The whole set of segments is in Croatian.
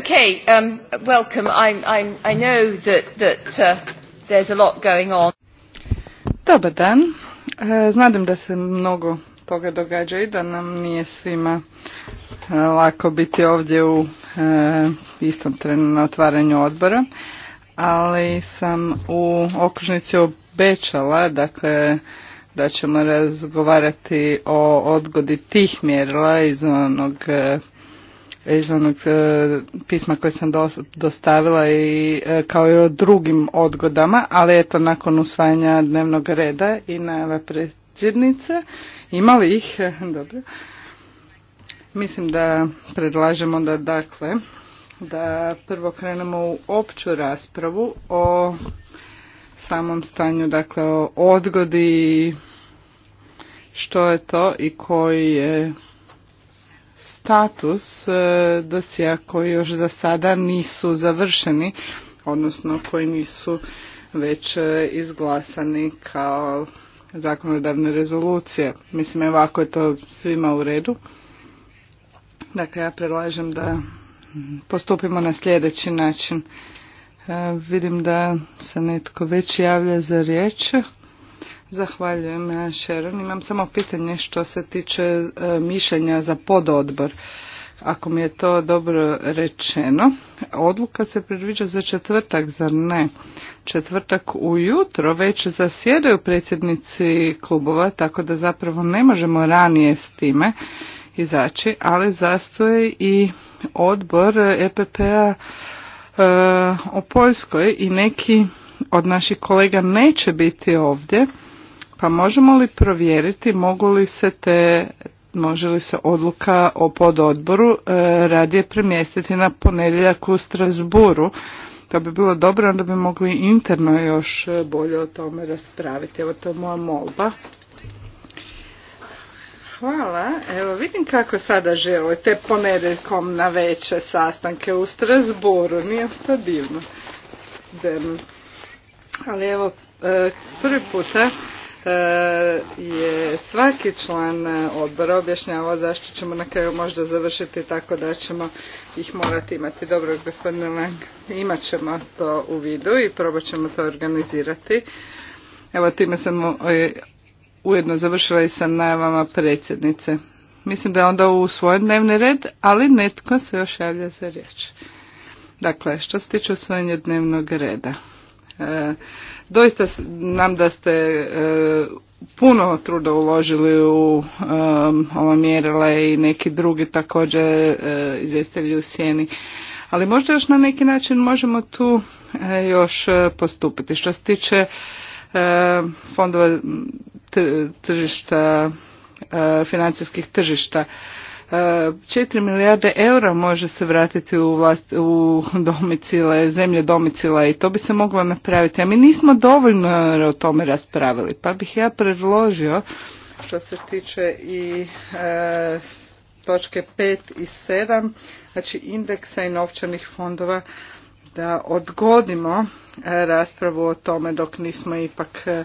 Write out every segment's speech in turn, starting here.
Okay, um, welcome. I know that, uh, there's a lot going on. Dobar dan. E, Znam da se mnogo toga događa i da nam nije svima e, lako biti ovdje u e, istom trenu na otvaranju odbora, ali sam u okružnici obećala, dakle, da ćemo razgovarati o odgodi tih mjerila iz onog iz e, pisma koje sam dostavila i e, kao i o drugim odgodama, ali eto nakon usvajanja dnevnog reda i najava predsjednice imali ih, dobro. Mislim da predlažemo da dakle da prvo krenemo u opću raspravu o samom stanju, dakle o odgodi što je to i koji je status e, dosija koji još za sada nisu završeni, odnosno koji nisu već e, izglasani kao zakonodavne rezolucije. Mislim, evo je to svima u redu. Dakle, ja predlažem da postupimo na sljedeći način. E, vidim da se netko već javlja za riječ. Zahvaljujem, eh, Sharon. Imam samo pitanje što se tiče eh, mišljenja za pododbor. Ako mi je to dobro rečeno, odluka se predviđa za četvrtak, zar ne? Četvrtak ujutro već zasjedaju predsjednici klubova, tako da zapravo ne možemo ranije s time izaći, ali zastoje i odbor EPP-a e, o p-a, eh, Poljskoj i neki od naših kolega neće biti ovdje pa možemo li provjeriti mogu li se te, može li se odluka o pododboru e, radije premjestiti na ponedjeljak u Strasburu? To bi bilo dobro, onda bi mogli interno još e, bolje o tome raspraviti. Evo to je moja molba. Hvala. Evo vidim kako sada želite ponedjeljkom na veće sastanke u Strasburu. Nije to divno. Ali evo, e, prvi puta E, je svaki član odbora objašnjavao zašto ćemo na kraju možda završiti tako da ćemo ih morati imati. Dobro, gospodine Lang, imat ćemo to u vidu i probat ćemo to organizirati. Evo, time sam e, ujedno završila i sa najavama predsjednice. Mislim da je onda u svoj dnevni red, ali netko se još javlja za riječ. Dakle, što se tiče usvojenja dnevnog reda. E, doista nam da ste e, puno truda uložili u ova mjerila i neki drugi također e, izvjestitelji u sjeni. Ali možda još na neki način možemo tu još postupiti. Što se tiče fondova tržišta, financijskih tržišta, 4 milijarde eura može se vratiti u, vlast, u domicile, zemlje domicila i to bi se moglo napraviti. A mi nismo dovoljno o tome raspravili. Pa bih ja predložio što se tiče i e, točke 5 i 7, znači indeksa i novčanih fondova, da odgodimo e, raspravu o tome dok nismo ipak e,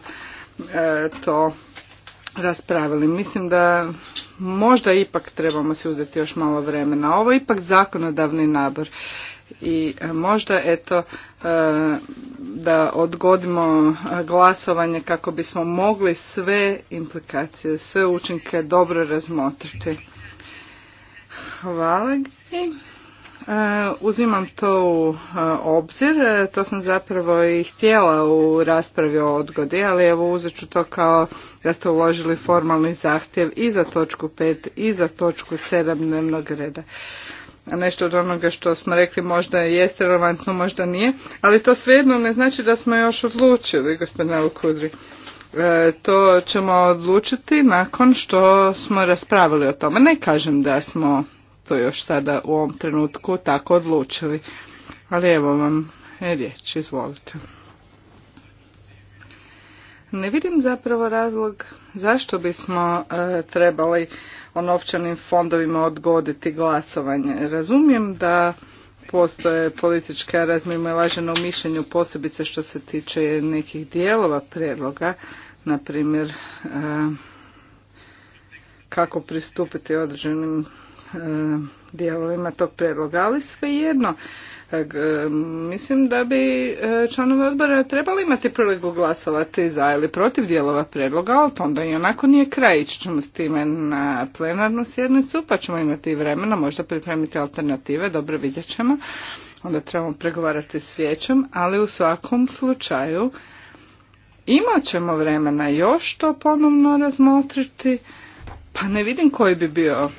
to raspravili. Mislim da možda ipak trebamo si uzeti još malo vremena. Ovo je ipak zakonodavni nabor i e, možda eto e, da odgodimo e, glasovanje kako bismo mogli sve implikacije, sve učinke dobro razmotriti. Hvala. E, uzimam to u e, obzir, e, to sam zapravo i htjela u raspravi o odgodi, ali evo uzet ću to kao da ste uložili formalni zahtjev i za točku 5 i za točku 7 dnevnog reda. Nešto od onoga što smo rekli možda jeste relevantno, možda nije, ali to svejedno ne znači da smo još odlučili, gospodine Lukudri. to ćemo odlučiti nakon što smo raspravili o tome. Ne kažem da smo to još sada u ovom trenutku tako odlučili. Ali evo vam riječ, izvolite. Ne vidim zapravo razlog zašto bismo e, trebali o novčanim fondovima odgoditi glasovanje. Razumijem da postoje politička lažena u mišljenju posebice što se tiče nekih dijelova prijedloga, na primjer e, kako pristupiti određenim E, dijelovima tog predloga, ali svejedno e, mislim da bi e, članovi odbora trebali imati priliku glasovati za ili protiv dijelova predloga, ali to onda i onako nije kraj. Ići ćemo s time na plenarnu sjednicu, pa ćemo imati vremena, možda pripremiti alternative, dobro vidjet ćemo. Onda trebamo pregovarati s vijećem, ali u svakom slučaju imat ćemo vremena još to ponovno razmotriti. Pa ne vidim koji bi bio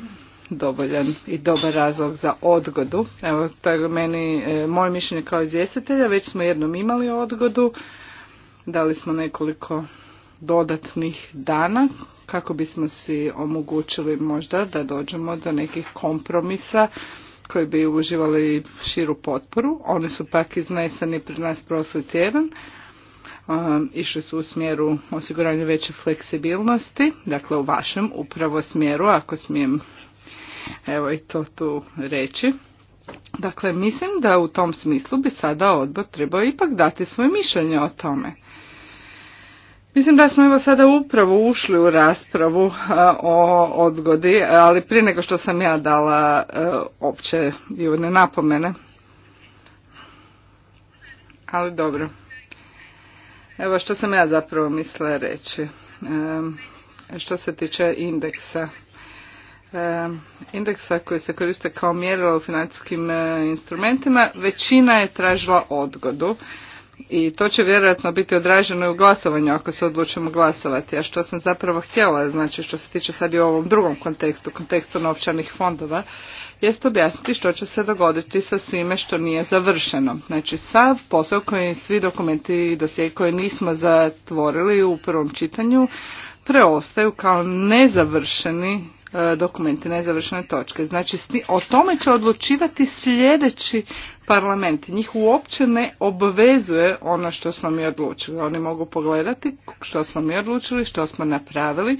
dovoljan i dobar razlog za odgodu. Evo, to je meni e, moje mišljenje kao izvjestitelja. Već smo jednom imali odgodu. Dali smo nekoliko dodatnih dana kako bismo si omogućili možda da dođemo do nekih kompromisa koji bi uživali širu potporu. Oni su pak izneseni pred nas prošli tjedan. Um, išli su u smjeru osiguranja veće fleksibilnosti, dakle u vašem upravo smjeru, ako smijem Evo i to tu reći. Dakle, mislim da u tom smislu bi sada odbor trebao ipak dati svoje mišljenje o tome. Mislim da smo evo sada upravo ušli u raspravu o odgodi, ali prije nego što sam ja dala e, opće i napomene. Ali dobro. Evo što sam ja zapravo mislila reći. što se tiče indeksa E, indeksa koji se koriste kao mjerilo u financijskim e, instrumentima, većina je tražila odgodu i to će vjerojatno biti odraženo i u glasovanju ako se odlučimo glasovati. A što sam zapravo htjela, znači što se tiče sad i u ovom drugom kontekstu, kontekstu novčanih fondova, jest objasniti što će se dogoditi sa svime što nije završeno. Znači sav posao koji svi dokumenti i dosije koje nismo zatvorili u prvom čitanju preostaju kao nezavršeni E, dokumenti, nezavršene točke. Znači, o tome će odlučivati sljedeći parlament. Njih uopće ne obvezuje ono što smo mi odlučili. Oni mogu pogledati što smo mi odlučili, što smo napravili,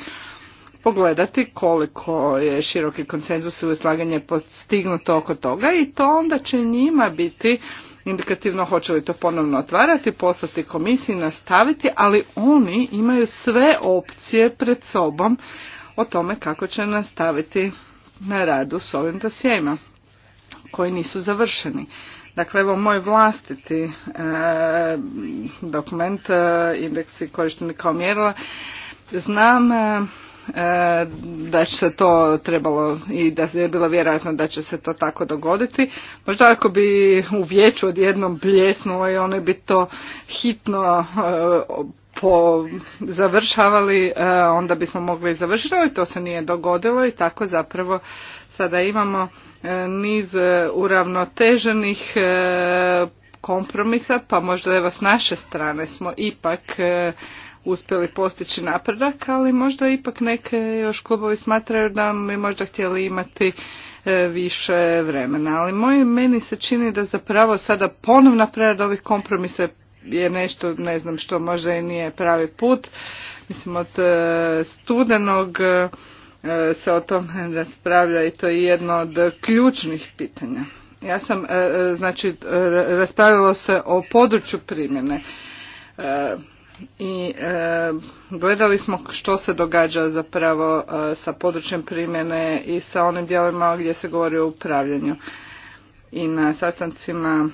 pogledati koliko je široki konsenzus ili slaganje postignuto oko toga i to onda će njima biti indikativno hoće li to ponovno otvarati, poslati komisiji, nastaviti, ali oni imaju sve opcije pred sobom o tome kako će nastaviti na radu s ovim dosijema koji nisu završeni. Dakle, evo moj vlastiti e, dokument, e, indeksi korišteni kao mjerila, znam e, e, da će se to trebalo i da je bilo vjerojatno da će se to tako dogoditi. Možda ako bi u vijeću odjednom bljesnulo i oni bi to hitno po završavali, e, onda bismo mogli završiti, ali to se nije dogodilo i tako zapravo sada imamo e, niz e, uravnoteženih kompromisa, pa možda evo s naše strane smo ipak uspjeli postići napredak, ali možda ipak neke još klubovi smatraju da mi možda htjeli imati više vremena. Ali moj, meni se čini da zapravo sada ponovna prerada ovih kompromisa je je nešto, ne znam što, možda i nije pravi put. Mislim, od e, studenog e, se o tom raspravlja i to je jedno od ključnih pitanja. Ja sam, e, znači, raspravljalo se o području primjene i gledali smo što se događa zapravo sa područjem primjene i sa onim dijelovima gdje se govori o upravljanju. I na sastancima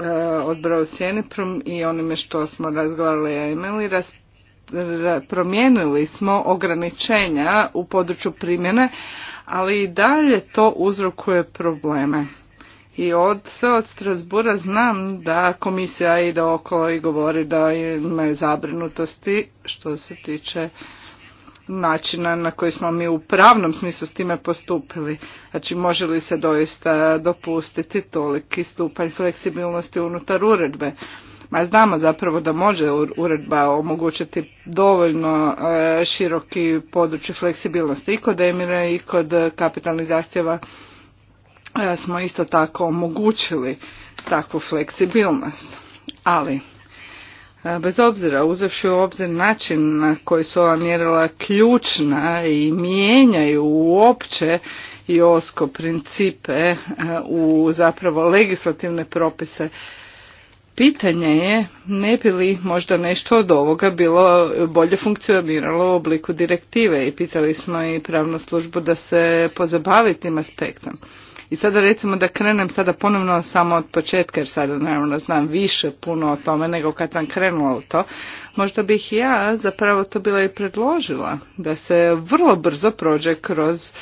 Eh, odbora u sjeni i onime što smo razgovarali i imali, promijenili smo ograničenja u području primjene, ali i dalje to uzrokuje probleme. I od, sve od Strasbura znam da komisija ide okolo i govori da imaju zabrinutosti što se tiče načina na koji smo mi u pravnom smislu s time postupili. Znači može li se doista dopustiti toliki stupanj fleksibilnosti unutar uredbe? Ma znamo zapravo da može uredba omogućiti dovoljno e, široki područje fleksibilnosti i kod Emira i kod kapitalnih zahtjeva e, smo isto tako omogućili takvu fleksibilnost. Ali E, bez obzira, uzevši u obzir način na koji su ova mjerila ključna i mijenjaju uopće i osko principe e, u zapravo legislativne propise, pitanje je ne bi li možda nešto od ovoga bilo bolje funkcioniralo u obliku direktive i pitali smo i pravnu službu da se pozabavi tim aspektom. I sada recimo da krenem sada ponovno samo od početka, jer sada naravno znam više puno o tome nego kad sam krenula u to. Možda bih ja zapravo to bila i predložila, da se vrlo brzo prođe kroz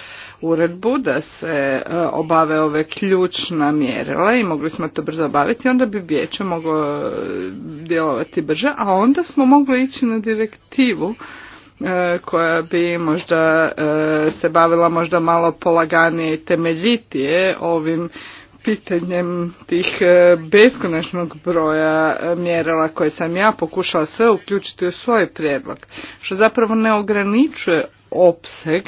uredbu da se e, obave ove ključna mjerila i mogli smo to brzo obaviti, onda bi vijeće moglo e, djelovati brže, a onda smo mogli ići na direktivu E, koja bi možda e, se bavila možda malo polaganije i temeljitije ovim pitanjem tih e, beskonačnog broja mjerala koje sam ja pokušala sve uključiti u svoj prijedlog, što zapravo ne ograničuje opseg,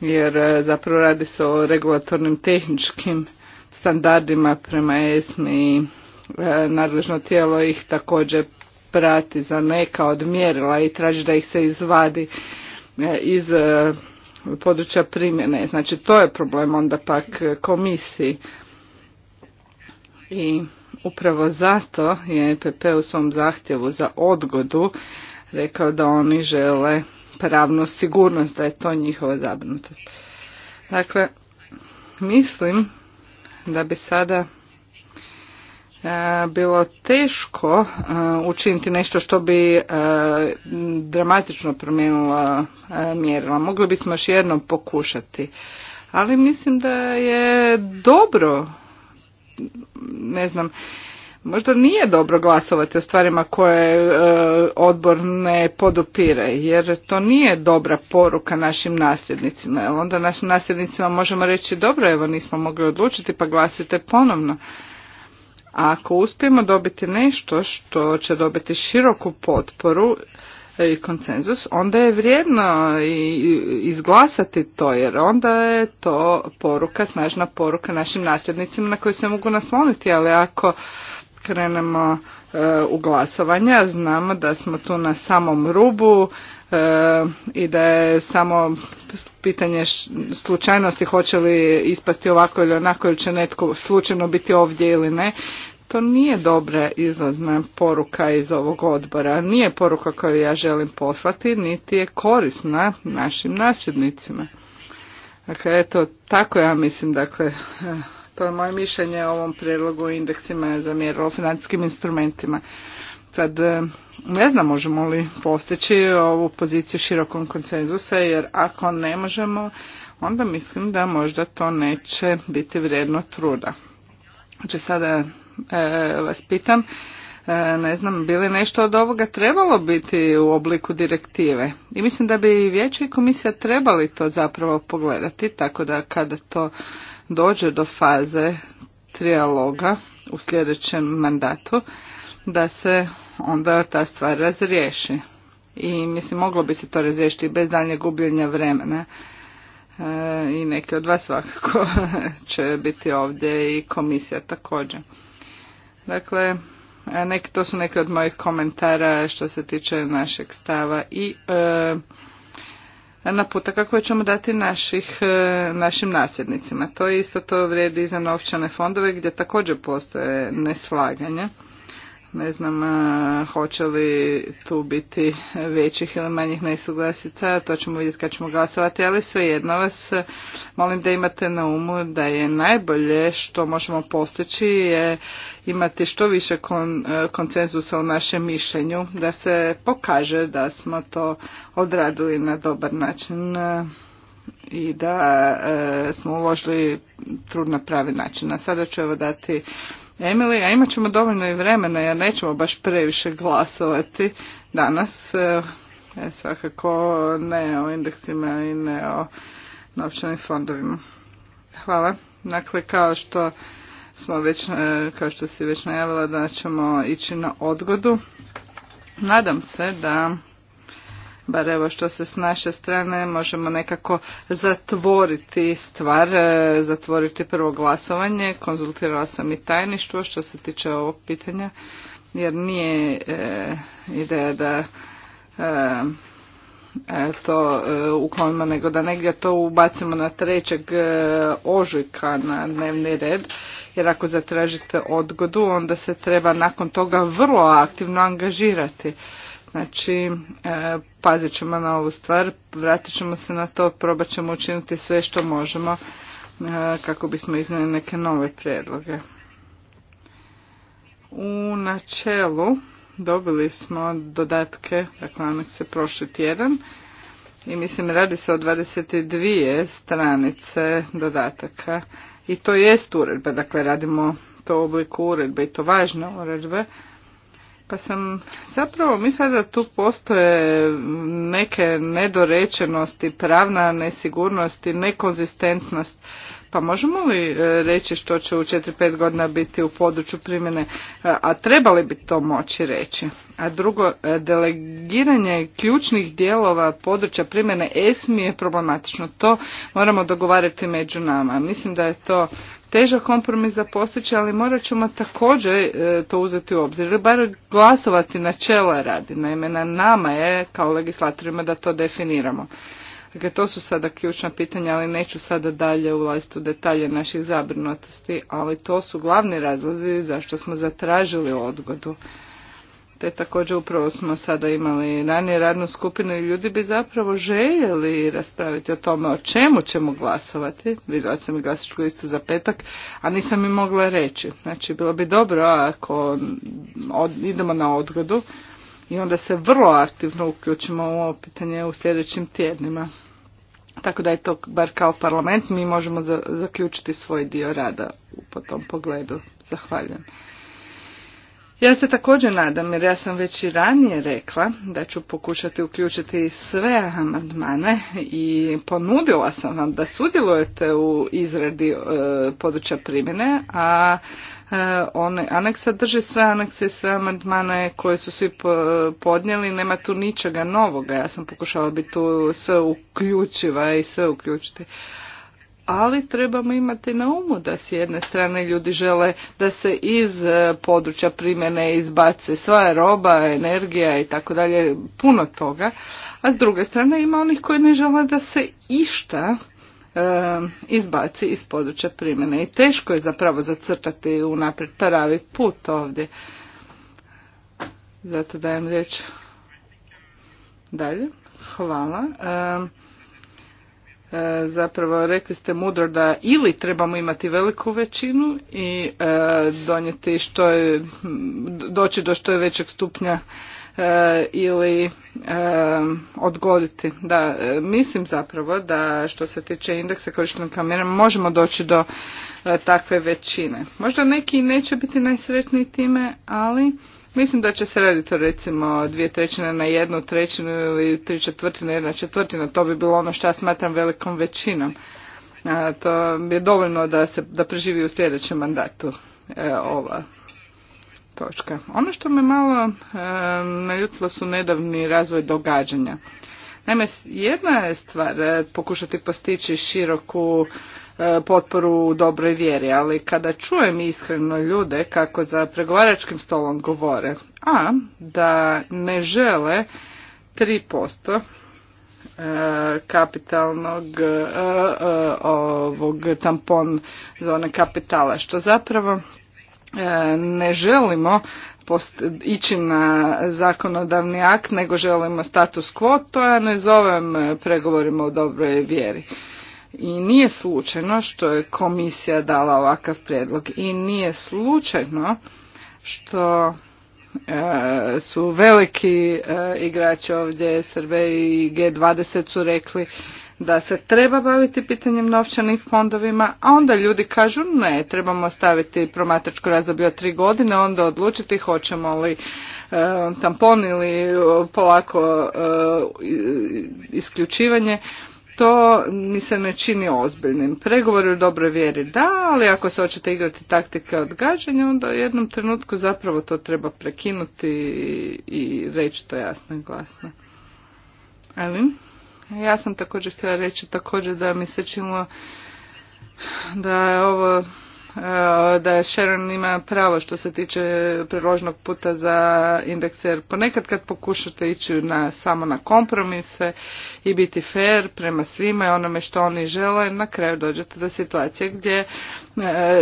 jer zapravo radi se o regulatornim tehničkim standardima prema ESMI i nadležno tijelo ih također prati za neka od mjerila i traži da ih se izvadi e, iz e, područja primjene. Znači to je problem onda pak e, komisiji. I upravo zato je EPP u svom zahtjevu za odgodu rekao da oni žele pravnu sigurnost, da je to njihova zabrinutost. Dakle, mislim da bi sada E, bilo teško e, učiniti nešto što bi e, dramatično promijenilo mjerila. Mogli bismo još jednom pokušati. Ali mislim da je dobro, ne znam, možda nije dobro glasovati o stvarima koje odbor ne podupire jer to nije dobra poruka našim nasljednicima onda našim nasljednicima možemo reći dobro evo nismo mogli odlučiti pa glasujte ponovno a ako uspijemo dobiti nešto što će dobiti široku potporu i konsenzus, onda je vrijedno izglasati to, jer onda je to poruka, snažna poruka našim nasljednicima na koju se mogu nasloniti, ali ako krenemo e, u glasovanja, znamo da smo tu na samom rubu E, i da je samo pitanje slučajnosti hoće li ispasti ovako ili onako ili će netko slučajno biti ovdje ili ne. To nije dobra izlazna poruka iz ovog odbora. Nije poruka koju ja želim poslati, niti je korisna našim nasljednicima. Dakle, eto, tako ja mislim, dakle, e, to je moje mišljenje o ovom prijedlogu indeksima za o financijskim instrumentima. Sad, e, ne znam možemo li postići ovu poziciju širokom konsenzusa, jer ako ne možemo, onda mislim da možda to neće biti vrijedno truda. Znači sada e, vas pitam, e, ne znam, bi li nešto od ovoga trebalo biti u obliku direktive? I mislim da bi i vijeće i komisija trebali to zapravo pogledati, tako da kada to dođe do faze trijaloga u sljedećem mandatu, da se onda ta stvar razriješi. I mislim, moglo bi se to razriješiti bez daljnjeg gubljenja vremena. E, I neki od vas svakako će biti ovdje i komisija također. Dakle, e, neki, to su neki od mojih komentara što se tiče našeg stava i e, naputaka koje ćemo dati naših, e, našim nasljednicima. To isto to vrijedi i za novčane fondove gdje također postoje neslaganje ne znam e, hoće li tu biti većih ili manjih nesuglasica, to ćemo vidjeti kad ćemo glasovati, ali svejedno vas e, molim da imate na umu da je najbolje što možemo postići je imati što više e, konsenzusa u našem mišljenju, da se pokaže da smo to odradili na dobar način i da smo uložili trud na pravi način. A sada ću evo dati Emily, a imat ćemo dovoljno i vremena jer nećemo baš previše glasovati danas. E, e, svakako ne o indeksima i ne o novčanim fondovima. Hvala. Dakle, kao što smo već, e, kao što si već najavila da ćemo ići na odgodu. Nadam se da bar evo što se s naše strane možemo nekako zatvoriti stvar, e, zatvoriti prvo glasovanje. Konzultirala sam i tajništvo što se tiče ovog pitanja jer nije e, ideja da e, to e, uklonimo, nego da negdje to ubacimo na trećeg ožujka na dnevni red, jer ako zatražite odgodu, onda se treba nakon toga vrlo aktivno angažirati. Znači, e, pazit ćemo na ovu stvar, vratit ćemo se na to, probat ćemo učiniti sve što možemo e, kako bismo iznijeli neke nove prijedloge. U načelu dobili smo dodatke, dakle se prošli tjedan i mislim radi se o 22 stranice dodataka i to jest uredba, dakle radimo to u obliku uredbe i to važne uredbe pa sam zapravo mislila da tu postoje neke nedorečenosti, pravna nesigurnost i nekonzistentnost. Pa možemo li e, reći što će u 4-5 godina biti u području primjene, e, a trebali bi to moći reći? A drugo, e, delegiranje ključnih dijelova područja primjene ESMI je problematično. To moramo dogovarati među nama. Mislim da je to težak kompromis za postići, ali morat ćemo također e, to uzeti u obzir ili bar glasovati čela radi. Naime, na nama je kao legislatorima da to definiramo. Dakle, to su sada ključna pitanja, ali neću sada dalje ulaziti u detalje naših zabrinutosti, ali to su glavni razlozi zašto smo zatražili odgodu te također upravo smo sada imali ranije radnu skupinu i ljudi bi zapravo željeli raspraviti o tome o čemu ćemo glasovati. Vidjela sam i glasičku listu za petak, a nisam i mogla reći. Znači, bilo bi dobro ako idemo na odgodu i onda se vrlo aktivno uključimo u ovo pitanje u sljedećim tjednima. Tako da je to, bar kao parlament, mi možemo zaključiti svoj dio rada po tom pogledu. Zahvaljujem. Ja se također nadam, jer ja sam već i ranije rekla da ću pokušati uključiti sve amandmane i ponudila sam vam da sudjelujete u izradi e, područja primjene, a e, aneksa drži sve anekse i sve amandmane koje su svi podnijeli, nema tu ničega novoga. Ja sam pokušala biti tu sve uključiva i sve uključiti ali trebamo imati na umu da s jedne strane ljudi žele da se iz e, područja primjene izbace sva roba, energija i tako dalje, puno toga, a s druge strane ima onih koji ne žele da se išta e, izbaci iz područja primjene i teško je zapravo zacrtati unaprijed pravi put ovdje. Zato dajem riječ dalje. Hvala. E, E, zapravo rekli ste mudro da ili trebamo imati veliku većinu i e, donijeti što je, doći do što je većeg stupnja e, ili odgoditi. Da, mislim zapravo da što se tiče indeksa korištenog kamera možemo doći do takve većine. Možda neki neće biti najsretniji time, ali Mislim da će se raditi to recimo dvije trećine na jednu trećinu ili tri četvrtine jedna četvrtina. To bi bilo ono što ja smatram velikom većinom. A, to je dovoljno da, se, da preživi u sljedećem mandatu e, ova točka. Ono što me malo e, su nedavni razvoj događanja. Naime, jedna je stvar e, pokušati postići široku E, potporu u dobroj vjeri, ali kada čujem iskreno ljude kako za pregovaračkim stolom govore, a da ne žele 3% e, kapitalnog e, ovog tampon zone kapitala, što zapravo ne želimo ići na zakonodavni akt, nego želimo status quo, to ja ne zovem pregovorima u dobroj vjeri. I nije slučajno što je komisija dala ovakav prijedlog i nije slučajno što e, su veliki e, igrači ovdje SRB i G20 su rekli da se treba baviti pitanjem novčanih fondovima, a onda ljudi kažu ne, trebamo staviti promatračko razdoblje od tri godine, onda odlučiti hoćemo li e, tampon ili polako isključivanje to mi se ne čini ozbiljnim. Pregovori u dobroj vjeri da, ali ako se hoćete igrati taktike odgađanja, onda u jednom trenutku zapravo to treba prekinuti i reći to jasno i glasno. Ali, ja sam također htjela reći također da mi se činilo da je ovo E, da Sharon ima pravo što se tiče priložnog puta za indeks, ponekad kad pokušate ići na, samo na kompromise i biti fair prema svima i onome što oni žele, na kraju dođete do situacije gdje e,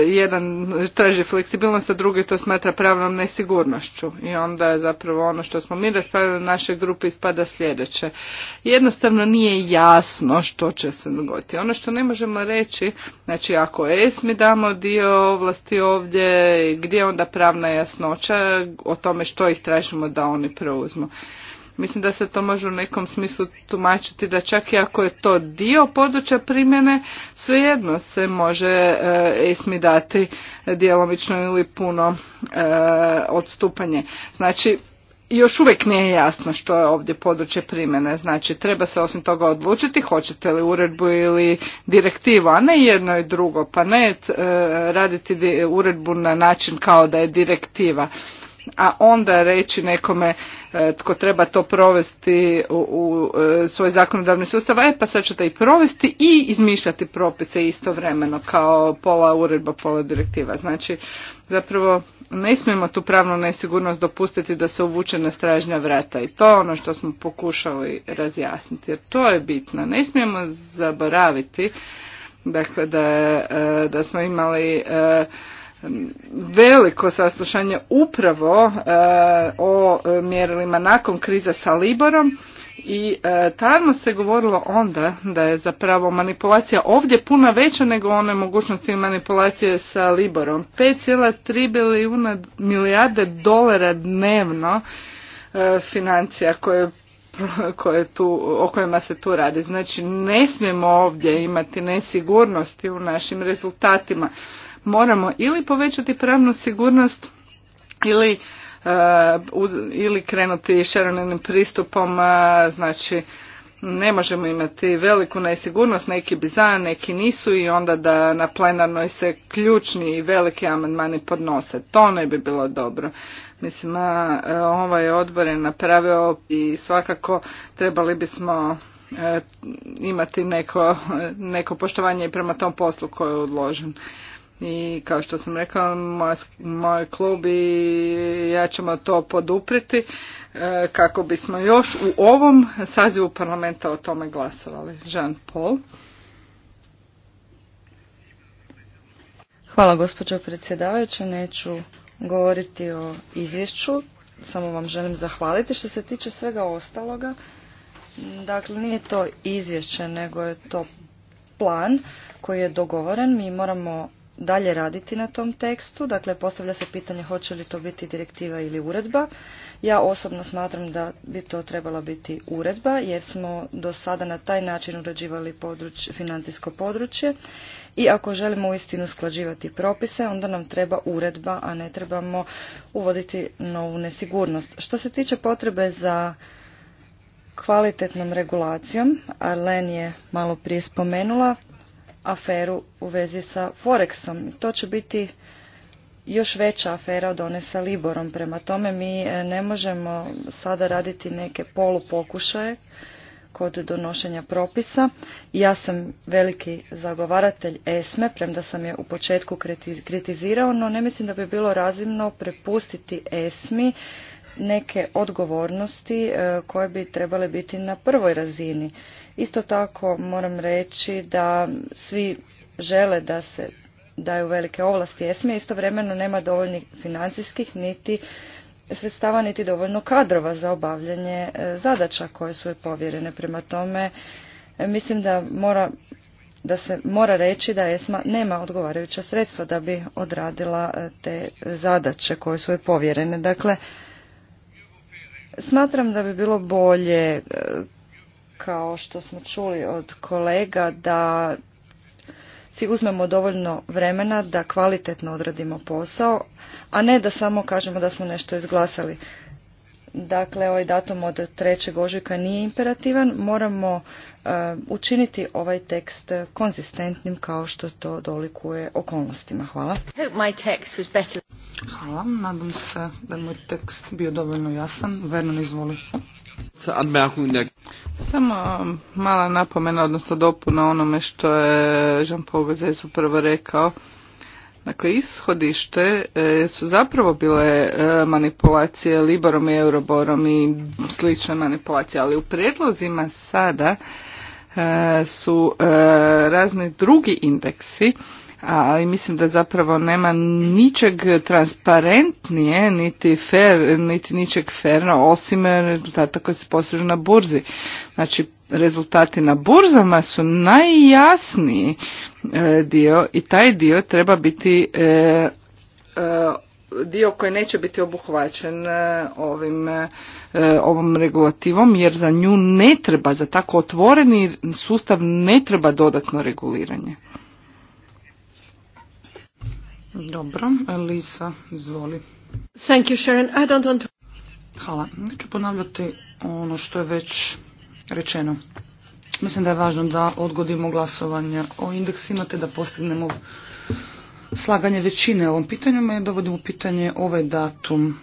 jedan traži fleksibilnost, a drugi to smatra pravnom nesigurnošću. I onda zapravo ono što smo mi raspravili u našoj grupi ispada sljedeće. Jednostavno nije jasno što će se dogoditi. Ono što ne možemo reći, znači ako mi damo dio ovlasti ovdje, gdje je onda pravna jasnoća o tome što ih tražimo da oni preuzmu. Mislim da se to može u nekom smislu tumačiti da čak i ako je to dio područja primjene, svejedno se može e, esmi dati djelomično ili puno eh, odstupanje. Znači, još uvijek nije jasno što je ovdje područje primjene. Znači, treba se osim toga odlučiti hoćete li uredbu ili direktivu, a ne jedno i drugo, pa ne e, raditi uredbu na način kao da je direktiva, a onda reći nekome E, tko treba to provesti u, e, svoj zakonodavni sustav, e pa sad ćete i provesti i izmišljati propise istovremeno kao pola uredba, pola direktiva. Znači, zapravo ne smijemo tu pravnu nesigurnost dopustiti da se uvuče na stražnja vrata i to je ono što smo pokušali razjasniti jer to je bitno. Ne smijemo zaboraviti dakle da, e, da smo imali veliko saslušanje upravo e, o e, mjerilima nakon krize sa Liborom i e, tamo se govorilo onda da je zapravo manipulacija ovdje puno veća nego one mogućnosti manipulacije sa Liborom. 5,3 milijarde dolara dnevno financija koje koje tu, o kojima se tu radi. Znači ne smijemo ovdje imati nesigurnosti u našim rezultatima moramo ili povećati pravnu sigurnost ili e, ili krenuti šerenim pristupom, znači ne možemo imati veliku nesigurnost, neki bi za, neki nisu i onda da na plenarnoj se ključni i veliki amandmani podnose. To ne bi bilo dobro. Mislim, a, e, ovaj odbor je napravio i svakako trebali bismo e, imati neko, neko poštovanje i prema tom poslu koji je odložen i kao što sam rekla, moj, klub i ja ćemo to podupriti e, kako bismo još u ovom sazivu parlamenta o tome glasovali. Jean Paul. Hvala gospođo predsjedavajuća, neću govoriti o izvješću, samo vam želim zahvaliti. Što se tiče svega ostaloga, dakle nije to izvješće, nego je to plan koji je dogovoren. Mi moramo dalje raditi na tom tekstu. Dakle, postavlja se pitanje hoće li to biti direktiva ili uredba. Ja osobno smatram da bi to trebala biti uredba jer smo do sada na taj način urađivali područ, financijsko područje i ako želimo uistinu sklađivati propise, onda nam treba uredba, a ne trebamo uvoditi novu nesigurnost. Što se tiče potrebe za kvalitetnom regulacijom, Arlen je malo prije spomenula, aferu u vezi sa Forexom. To će biti još veća afera od one sa Liborom. Prema tome mi e, ne možemo sada raditi neke polupokušaje kod donošenja propisa. Ja sam veliki zagovaratelj ESME, premda sam je u početku kritizirao, no ne mislim da bi bilo razimno prepustiti ESMI neke odgovornosti e, koje bi trebale biti na prvoj razini Isto tako moram reći da svi žele da se daju velike ovlasti ESME, istovremeno nema dovoljnih financijskih niti sredstava niti dovoljno kadrova za obavljanje e, zadaća koje su joj povjerene. Prema tome, e, mislim da mora da se mora reći da ESMA nema odgovarajuća sredstva da bi odradila e, te zadaće koje su joj povjerene. Dakle, smatram da bi bilo bolje kao što smo čuli od kolega da si uzmemo dovoljno vremena da kvalitetno odradimo posao, a ne da samo kažemo da smo nešto izglasali. Dakle, ovaj datum od 3. ožujka nije imperativan, moramo e, učiniti ovaj tekst konzistentnim kao što to dolikuje okolnostima. Hvala. Hvala, nadam se da je moj tekst bio dovoljno jasan. Vernon, izvoli. Samo mala napomena, odnosno dopuna onome što je Jean-Paul Gazezu prvo rekao. Dakle, ishodište e, su zapravo bile e, manipulacije Liborom i Euroborom i slične manipulacije, ali u prijedlozima sada e, su razni drugi indeksi i mislim da zapravo nema ničeg transparentnije, niti, fair, niti ničeg ferno, osim rezultata koji se postižu na burzi. Znači, rezultati na burzama su najjasniji e, dio i taj dio treba biti e, e, dio koji neće biti obuhvaćen ovim, ovom regulativom jer za nju ne treba, za tako otvoreni sustav ne treba dodatno reguliranje. Dobro, Lisa, izvoli. Hvala. Neću ponavljati ono što je već rečeno. Mislim da je važno da odgodimo glasovanje o indeksima te da postignemo slaganje većine o ovom pitanju. Me dovodimo u pitanje ovaj datum.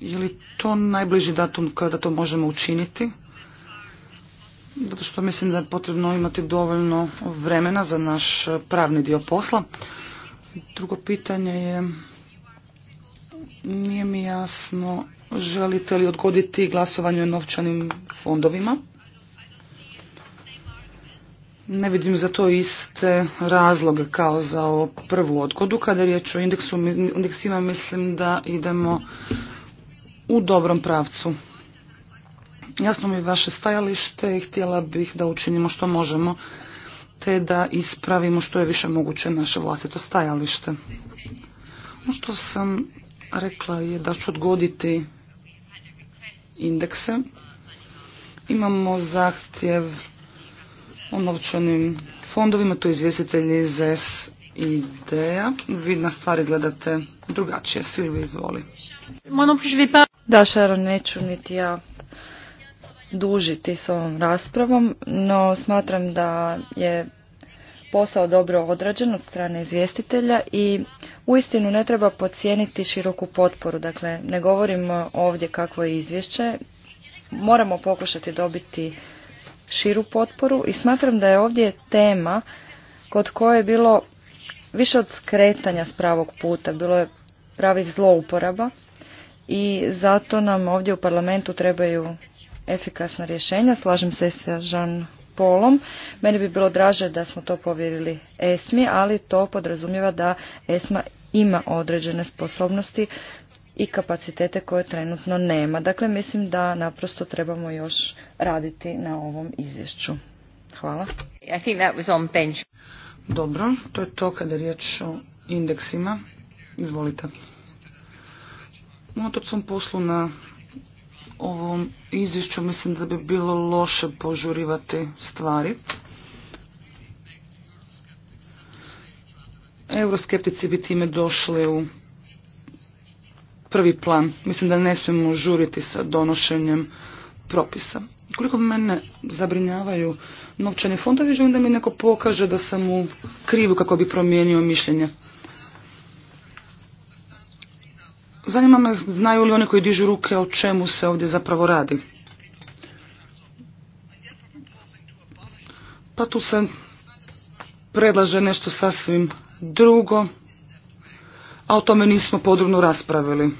Je li to najbliži datum kada to možemo učiniti? zato što mislim da je potrebno imati dovoljno vremena za naš pravni dio posla. Drugo pitanje je, nije mi jasno, želite li odgoditi glasovanje o novčanim fondovima? Ne vidim za to iste razloge kao za ovo prvu odgodu. Kada je riječ o indeksima mislim da idemo u dobrom pravcu. Jasno mi je vaše stajalište i htjela bih da učinimo što možemo te da ispravimo što je više moguće naše vlastito stajalište. Ono što sam rekla je da ću odgoditi indekse. Imamo zahtjev o novčanim fondovima, je izvjestitelji iz S ideja. Vi na stvari gledate drugačije. Silvi, izvoli. Da, neću niti ja dužiti s ovom raspravom, no smatram da je posao dobro odrađen od strane izvjestitelja i uistinu ne treba podcijeniti široku potporu. Dakle, ne govorimo ovdje kakvo je izvješće, moramo pokušati dobiti širu potporu i smatram da je ovdje tema kod koje je bilo više od skretanja s pravog puta, bilo je pravih zlouporaba i zato nam ovdje u parlamentu trebaju efikasna rješenja. Slažem se sa Jean paulom Meni bi bilo draže da smo to povjerili ESMI, ali to podrazumijeva da ESMA ima određene sposobnosti i kapacitete koje trenutno nema. Dakle, mislim da naprosto trebamo još raditi na ovom izvješću. Hvala. Dobro, to je to kada je riječ o indeksima. Izvolite. Unatoč poslu na ovom izvješću mislim da bi bilo loše požurivati stvari. Euroskeptici bi time došli u prvi plan. Mislim da ne smijemo žuriti sa donošenjem propisa. Koliko mene zabrinjavaju novčani fondovi, želim da mi neko pokaže da sam u krivu kako bi promijenio mišljenje. Zanima me, znaju li oni koji dižu ruke o čemu se ovdje zapravo radi? Pa tu se predlaže nešto sasvim drugo, a o tome nismo podrobno raspravili.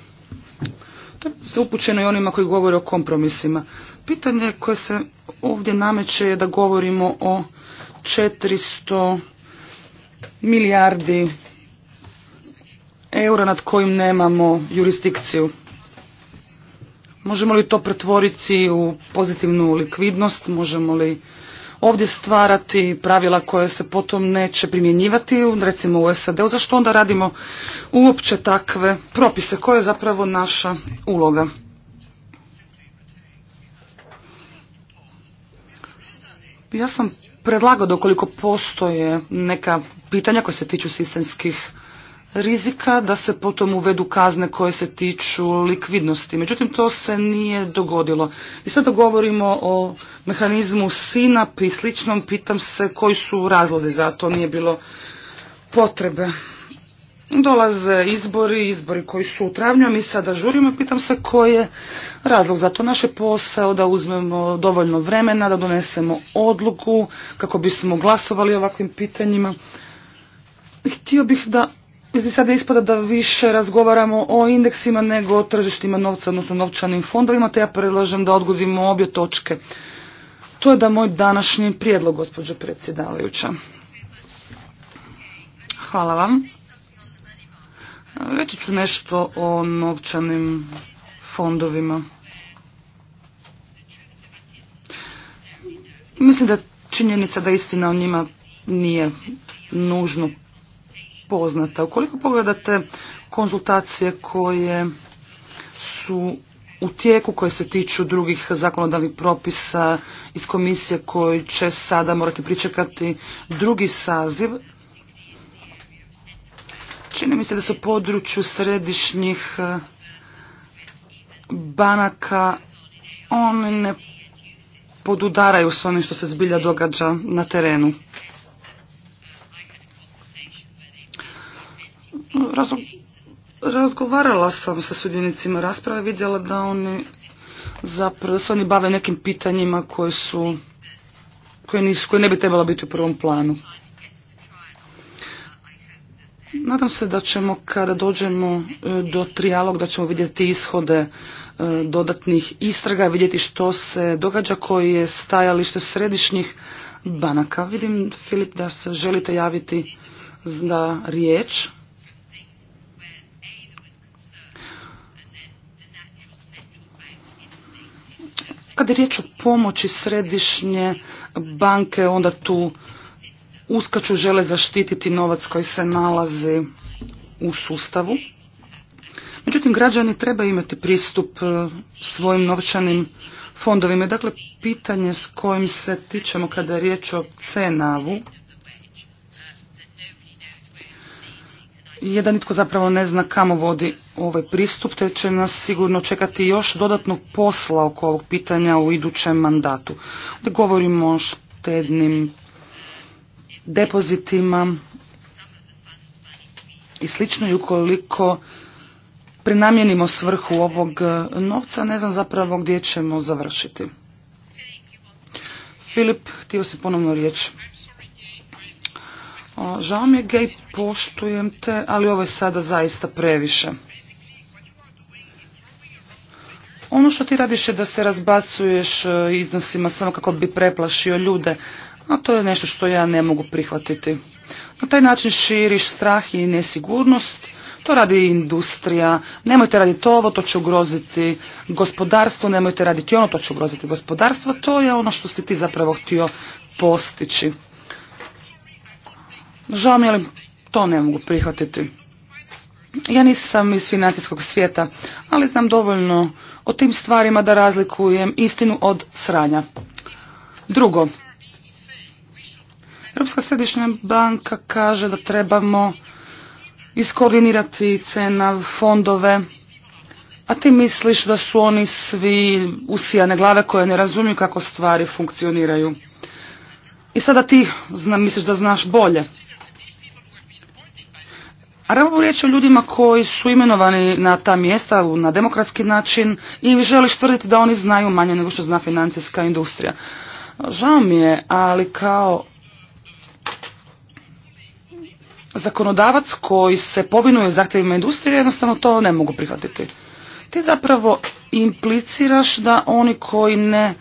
To se upućeno i onima koji govore o kompromisima. Pitanje koje se ovdje nameće je da govorimo o 400 milijardi eura nad kojim nemamo jurisdikciju. Možemo li to pretvoriti u pozitivnu likvidnost? Možemo li ovdje stvarati pravila koje se potom neće primjenjivati, recimo u SAD-u? Zašto onda radimo uopće takve propise? Koja je zapravo naša uloga? Ja sam predlagao da ukoliko postoje neka pitanja koja se tiču sistemskih rizika da se potom uvedu kazne koje se tiču likvidnosti. Međutim, to se nije dogodilo. I sada govorimo o mehanizmu SINAP i sličnom. Pitam se koji su razlozi za to. Nije bilo potrebe. Dolaze izbori, izbori koji su u travnju, a mi sada žurimo. Pitam se koji je razlog za to naše posao, da uzmemo dovoljno vremena, da donesemo odluku kako bismo glasovali ovakvim pitanjima. Htio bih da sada ispada da više razgovaramo o indeksima nego o tržištima novca, odnosno novčanim fondovima, te ja predlažem da odgodimo obje točke. To je da moj današnji prijedlog, gospođo predsjedavajuća. Hvala vam. Reći ću nešto o novčanim fondovima. Mislim da činjenica da istina o njima nije nužno poznata. Ukoliko pogledate konzultacije koje su u tijeku koje se tiču drugih zakonodavnih propisa iz komisije koji će sada morati pričekati drugi saziv. Čini mi se da su području središnjih e, banaka oni ne podudaraju s onim što se zbilja događa na terenu. razgovarala sam sa sudjenicima rasprave, vidjela da oni zapravo se oni bave nekim pitanjima koje su koje, koje ne bi trebala biti u prvom planu. Nadam se da ćemo kada dođemo e, do trijalog da ćemo vidjeti ishode e, dodatnih istraga, vidjeti što se događa, koji je stajalište središnjih banaka. Vidim, Filip, da se želite javiti za riječ. Kad je riječ o pomoći središnje banke, onda tu uskaču žele zaštititi novac koji se nalazi u sustavu. Međutim, građani treba imati pristup e, svojim novčanim fondovima. Dakle, pitanje s kojim se tičemo kada je riječ o cnav je da nitko zapravo ne zna kamo vodi ovaj pristup, te će nas sigurno čekati još dodatno posla oko ovog pitanja u idućem mandatu. Da govorimo o štednim depozitima i slično i ukoliko prenamjenimo svrhu ovog novca, ne znam zapravo gdje ćemo završiti. Filip, htio si ponovno riječ. Žao mi je gej, poštujem te, ali ovo je sada zaista previše. Ono što ti radiš je da se razbacuješ e, iznosima samo kako bi preplašio ljude, a to je nešto što ja ne mogu prihvatiti. Na taj način širiš strah i nesigurnost, to radi industrija, nemojte raditi ovo, to će ugroziti gospodarstvo, nemojte raditi ono, to će ugroziti gospodarstvo, to je ono što si ti zapravo htio postići. Žao mi je, ali to ne mogu prihvatiti. Ja nisam iz financijskog svijeta, ali znam dovoljno o tim stvarima da razlikujem istinu od sranja. Drugo, Europska središnja banka kaže da trebamo iskoordinirati cena fondove, a ti misliš da su oni svi usijane glave koje ne razumiju kako stvari funkcioniraju. I sada ti misliš da znaš bolje. Naravno, riječ je o ljudima koji su imenovani na ta mjesta na demokratski način i želiš tvrditi da oni znaju manje nego što zna financijska industrija. Žao mi je, ali kao zakonodavac koji se povinuje zahtjevima industrije, jednostavno to ne mogu prihvatiti. Ti zapravo impliciraš da oni koji ne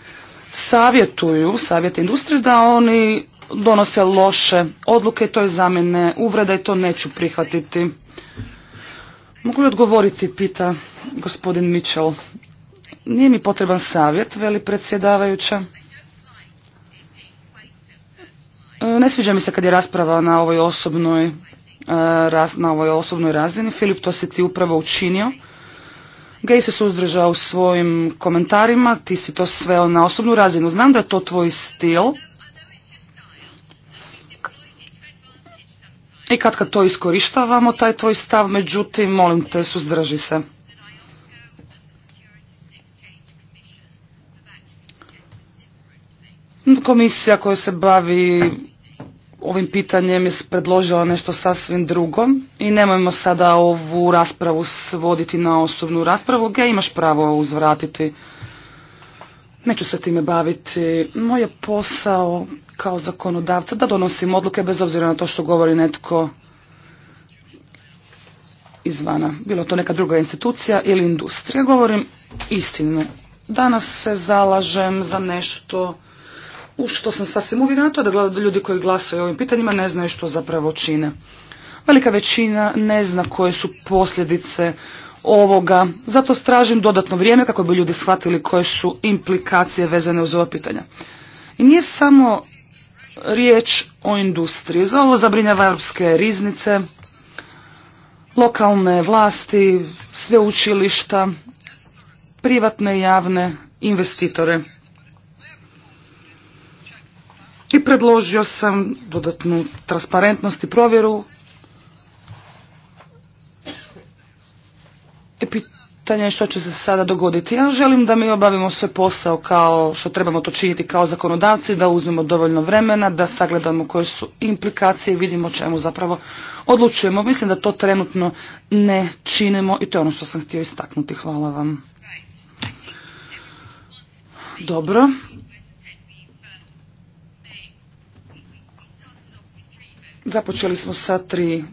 savjetuju savjet industrije, da oni donose loše odluke to je za mene uvreda i to neću prihvatiti. Mogu li odgovoriti, pita gospodin Mitchell. Nije mi potreban savjet, veli predsjedavajuća. Ne sviđa mi se kad je rasprava na ovoj osobnoj, e, na ovoj osobnoj razini. Filip, to si ti upravo učinio. Gej se suzdržao u svojim komentarima, ti si to sveo na osobnu razinu. Znam da je to tvoj stil, i kad kad to iskorištavamo, taj tvoj stav, međutim, molim te, suzdrži se. Komisija koja se bavi ovim pitanjem je predložila nešto sasvim drugo i nemojmo sada ovu raspravu svoditi na osobnu raspravu, gdje imaš pravo uzvratiti Neću se time baviti. Moj je posao kao zakonodavca da donosim odluke bez obzira na to što govori netko izvana. Bilo to neka druga institucija ili industrija. Govorim istinu. Danas se zalažem za nešto u što sam sasvim uvjerena to da ljudi koji glasaju o ovim pitanjima ne znaju što zapravo čine. Velika većina ne zna koje su posljedice ovoga. Zato stražim dodatno vrijeme kako bi ljudi shvatili koje su implikacije vezane uz ova pitanja. I nije samo riječ o industriji. Za ovo zabrinjava europske riznice, lokalne vlasti, sveučilišta, privatne i javne investitore. I predložio sam dodatnu transparentnost i provjeru I pitanje je što će se sada dogoditi. Ja želim da mi obavimo sve posao kao što trebamo to činiti kao zakonodavci, da uzmemo dovoljno vremena, da sagledamo koje su implikacije i vidimo čemu zapravo odlučujemo. Mislim da to trenutno ne činimo i to je ono što sam htio istaknuti. Hvala vam. Dobro. Započeli smo sa tri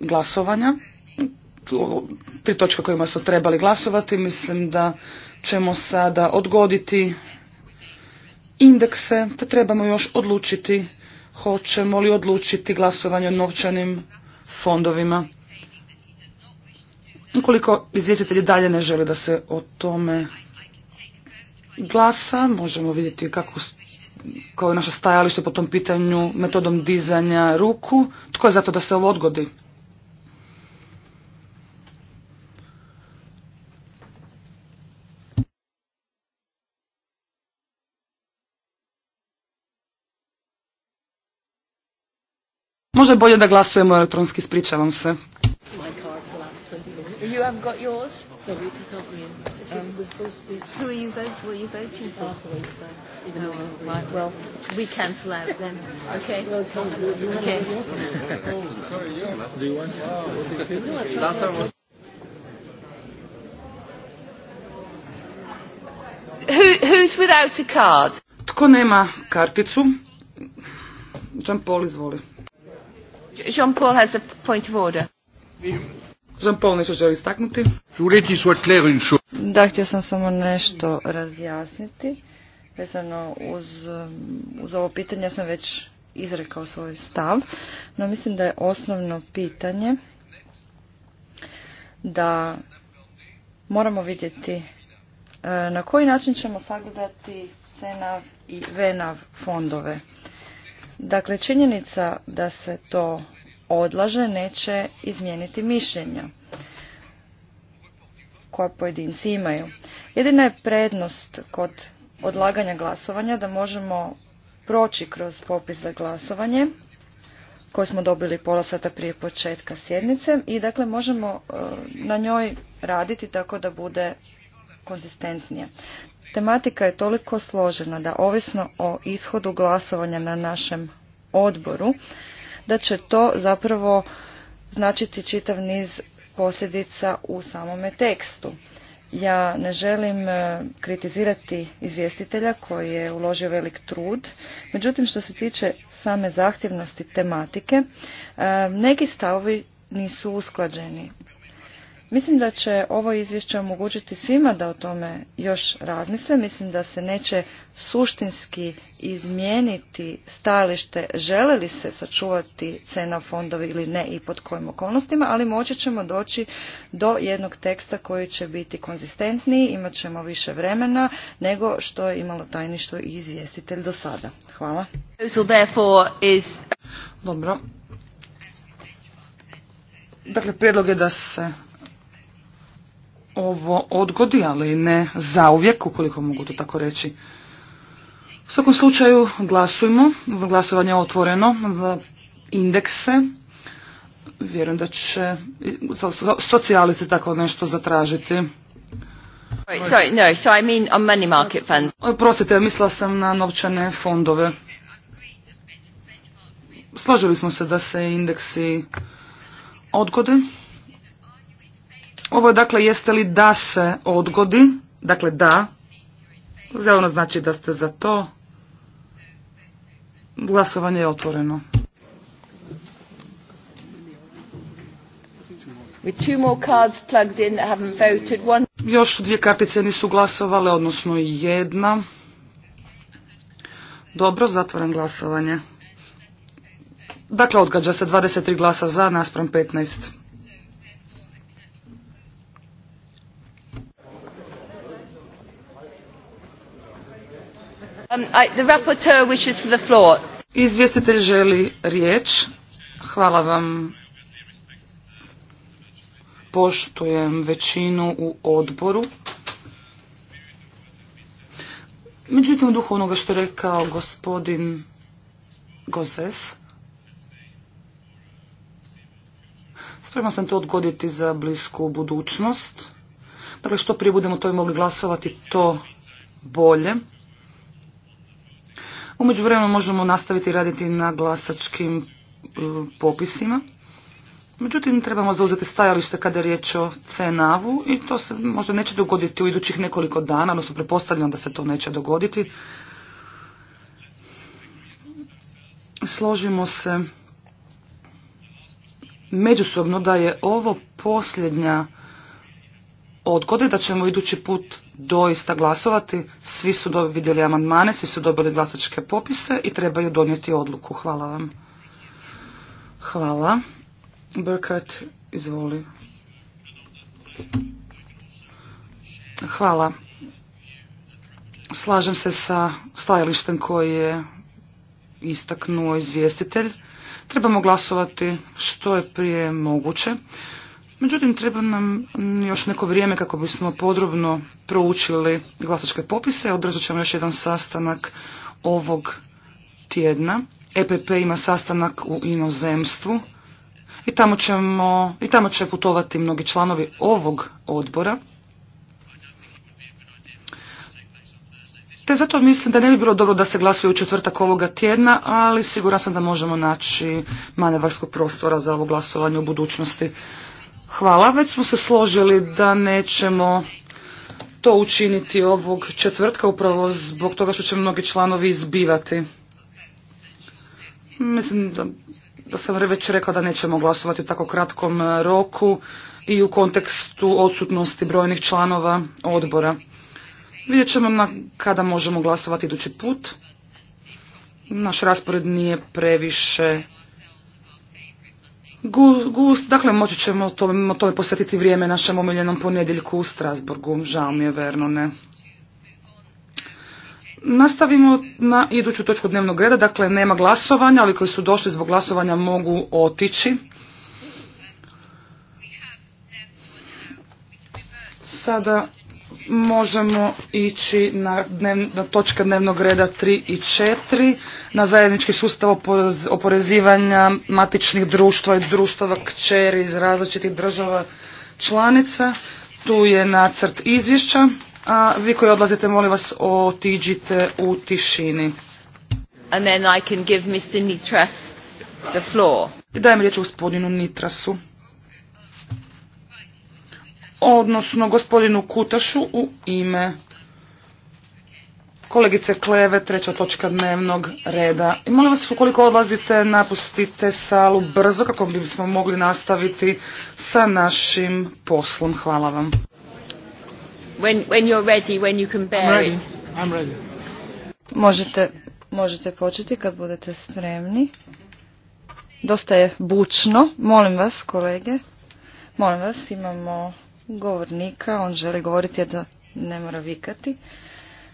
glasovanja tri točke kojima su trebali glasovati. Mislim da ćemo sada odgoditi indekse, te trebamo još odlučiti hoćemo li odlučiti glasovanje o novčanim fondovima. Ukoliko izvjestitelji dalje ne žele da se o tome glasa, možemo vidjeti kako je naše stajalište po tom pitanju metodom dizanja ruku. Tko je zato da se ovo odgodi? Može bolje da glasujemo elektronski, spričavam se. Tko nema karticu? Jean Paul izvoli. Jean Paul has a point of order. Jean Paul istaknuti. Da, htio sam samo nešto razjasniti. Vezano uz, uz ovo pitanje ja sam već izrekao svoj stav, no mislim da je osnovno pitanje da moramo vidjeti e, na koji način ćemo sagledati CENAV i VENAV fondove. Dakle, činjenica da se to odlaže neće izmijeniti mišljenja koja pojedinci imaju. Jedina je prednost kod odlaganja glasovanja da možemo proći kroz popis za glasovanje koje smo dobili pola sata prije početka sjednice i dakle možemo e, na njoj raditi tako da bude konzistentnija. Tematika je toliko složena da ovisno o ishodu glasovanja na našem odboru, da će to zapravo značiti čitav niz posljedica u samome tekstu. Ja ne želim e, kritizirati izvjestitelja koji je uložio velik trud, međutim što se tiče same zahtjevnosti tematike, e, neki stavovi nisu usklađeni. Mislim da će ovo izvješće omogućiti svima da o tome još razmisle. Mislim da se neće suštinski izmijeniti stajalište žele li se sačuvati cena fondovi ili ne i pod kojim okolnostima, ali moći ćemo doći do jednog teksta koji će biti konzistentniji, imat ćemo više vremena nego što je imalo tajništvo i izvjestitelj do sada. Hvala. Dobro. Dakle, prijedlog je da se ovo odgodi, ali ne uvijek, ukoliko mogu to tako reći. U svakom slučaju glasujmo, glasovanje je otvoreno za indekse. Vjerujem da će se tako nešto zatražiti. Sorry, Prostite, mislila sam na novčane fondove. Složili smo se da se indeksi odgode. Ovo je dakle jeste li da se odgodi, dakle da, zeleno znači da ste za to. Glasovanje je otvoreno. Još dvije kartice nisu glasovale, odnosno jedna. Dobro, zatvoren glasovanje. Dakle, odgađa se 23 glasa za, naspram 15. Um, Izvjestitelj želi riječ. Hvala vam. Poštujem većinu u odboru. Međutim, u duhu onoga što je rekao gospodin Gozes, spreman sam to odgoditi za blisku budućnost. Dakle, što prije budemo to i mogli glasovati, to bolje. U međuvremenu možemo nastaviti raditi na glasačkim e, popisima. Međutim, trebamo zauzeti stajalište kada je riječ o cenavu i to se možda neće dogoditi u idućih nekoliko dana, odnosno pretpostavljam da se to neće dogoditi. Složimo se međusobno da je ovo posljednja odgode, da ćemo idući put doista glasovati. Svi su vidjeli amandmane, svi su dobili glasačke popise i trebaju donijeti odluku. Hvala vam. Hvala. Burkhardt, izvoli. Hvala. Slažem se sa stajalištem koji je istaknuo izvjestitelj. Trebamo glasovati što je prije moguće. Međutim, treba nam još neko vrijeme kako bismo podrobno proučili glasačke popise. Održat ćemo još jedan sastanak ovog tjedna. EPP ima sastanak u inozemstvu i tamo, ćemo, i tamo će putovati mnogi članovi ovog odbora. Te zato mislim da ne bi bilo dobro da se glasuje u četvrtak ovoga tjedna, ali siguran sam da možemo naći manevarskog prostora za ovo glasovanje u budućnosti. Hvala, već smo se složili da nećemo to učiniti ovog četvrtka upravo zbog toga što će mnogi članovi izbivati. Mislim da, da sam već rekla da nećemo glasovati u tako kratkom e, roku i u kontekstu odsutnosti brojnih članova odbora. Vidjet ćemo na kada možemo glasovati idući put. Naš raspored nije previše dakle, moći ćemo tome, tome posvetiti vrijeme našem omiljenom ponedjeljku u Strasburgu. Žao mi je, ne. Nastavimo na iduću točku dnevnog reda, dakle nema glasovanja, ovi koji su došli zbog glasovanja mogu otići. Sada možemo ići na, točke dnevnog reda 3 i 4, na zajednički sustav oporezivanja matičnih društva i društava kćeri iz različitih država članica. Tu je nacrt izvješća, a vi koji odlazite, molim vas, otiđite u tišini. And then I can give the floor. dajem riječ gospodinu Nitrasu odnosno gospodinu Kutašu u ime kolegice Kleve, treća točka dnevnog reda. I molim vas, ukoliko odlazite, napustite salu brzo kako bismo mogli nastaviti sa našim poslom. Hvala vam. Možete, možete početi kad budete spremni. Dosta je bučno. Molim vas, kolege. Molim vas, imamo govornika. On želi govoriti da ne mora vikati.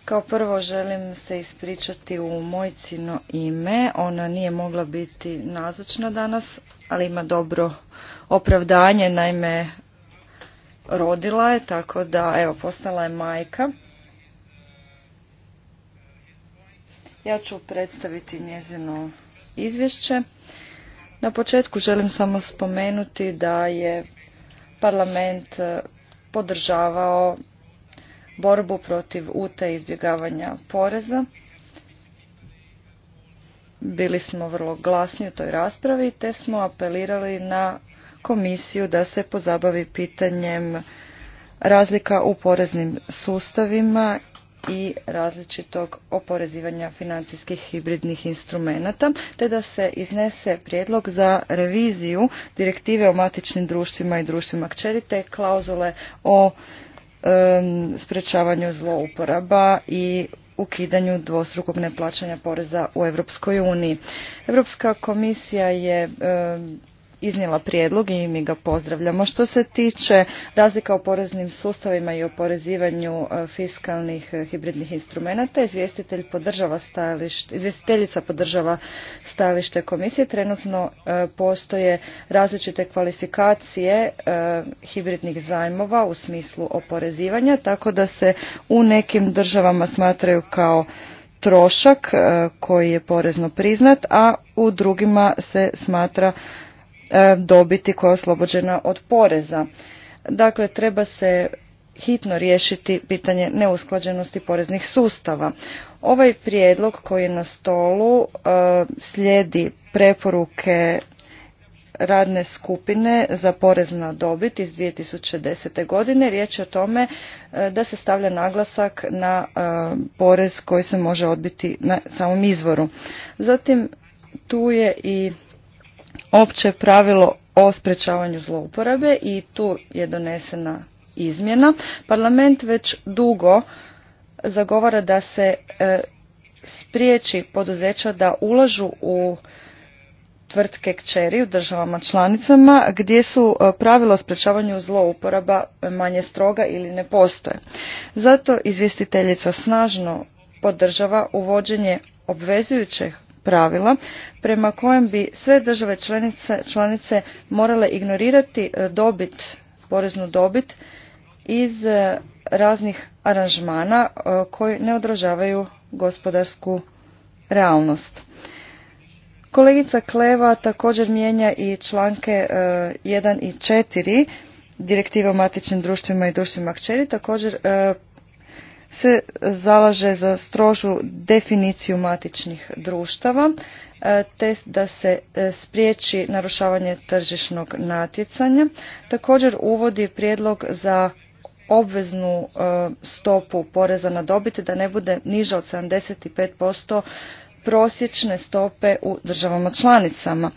Kao prvo želim se ispričati u mojcino ime. Ona nije mogla biti nazočna danas, ali ima dobro opravdanje. Naime, rodila je, tako da, evo, postala je majka. Ja ću predstaviti njezino izvješće. Na početku želim samo spomenuti da je parlament e, podržavao borbu protiv ute izbjegavanja poreza. Bili smo vrlo glasni u toj raspravi te smo apelirali na komisiju da se pozabavi pitanjem razlika u poreznim sustavima i različitog oporezivanja financijskih hibridnih instrumenata, te da se iznese prijedlog za reviziju direktive o matičnim društvima i društvima kćeri, te klauzule o sprječavanju sprečavanju zlouporaba i ukidanju dvostrukog neplaćanja poreza u Europskoj uniji. Europska komisija je iznijela prijedlog i mi ga pozdravljamo. Što se tiče razlika o poreznim sustavima i oporezivanju e, fiskalnih e, hibridnih instrumenata, izvjestitelj podržava stajalište, izvjestiteljica podržava stajalište komisije. Trenutno e, postoje različite kvalifikacije hibridnih zajmova u smislu oporezivanja, tako da se u nekim državama smatraju kao trošak koji je porezno priznat, a u drugima se smatra E, dobiti koja je oslobođena od poreza. Dakle, treba se hitno riješiti pitanje neusklađenosti poreznih sustava. Ovaj prijedlog koji je na stolu e, slijedi preporuke radne skupine za porez na dobit iz 2010. godine. Riječ je o tome e, da se stavlja naglasak na porez koji se može odbiti na samom izvoru. Zatim tu je i opće pravilo o sprečavanju zlouporabe i tu je donesena izmjena. Parlament već dugo zagovara da se e, spriječi poduzeća da ulažu u tvrtke kćeri u državama članicama gdje su e, pravila o sprečavanju zlouporaba manje stroga ili ne postoje. Zato izvjestiteljica snažno podržava uvođenje obvezujućeg pravila prema kojem bi sve države članice, morale ignorirati e, dobit, poreznu dobit iz e, raznih aranžmana e, koji ne odražavaju gospodarsku realnost. Kolegica Kleva također mijenja i članke 1 i 4 direktiva o matičnim društvima i društvima kćeri također se zalaže za strožu definiciju matičnih društava e, te da se e, spriječi narušavanje tržišnog natjecanja. Također uvodi prijedlog za obveznu e, stopu poreza na dobit da ne bude niža od 75% prosječne stope u državama članicama.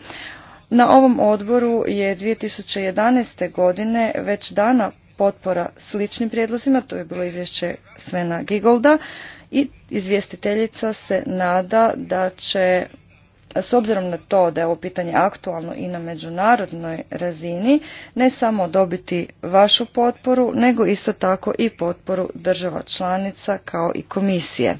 Na ovom odboru je 2011. godine već dana potpora sličnim prijedlozima, to je bilo izvješće Svena Gigolda i izvjestiteljica se nada da će s obzirom na to da je ovo pitanje aktualno i na međunarodnoj razini, ne samo dobiti vašu potporu, nego isto tako i potporu država članica kao i komisije.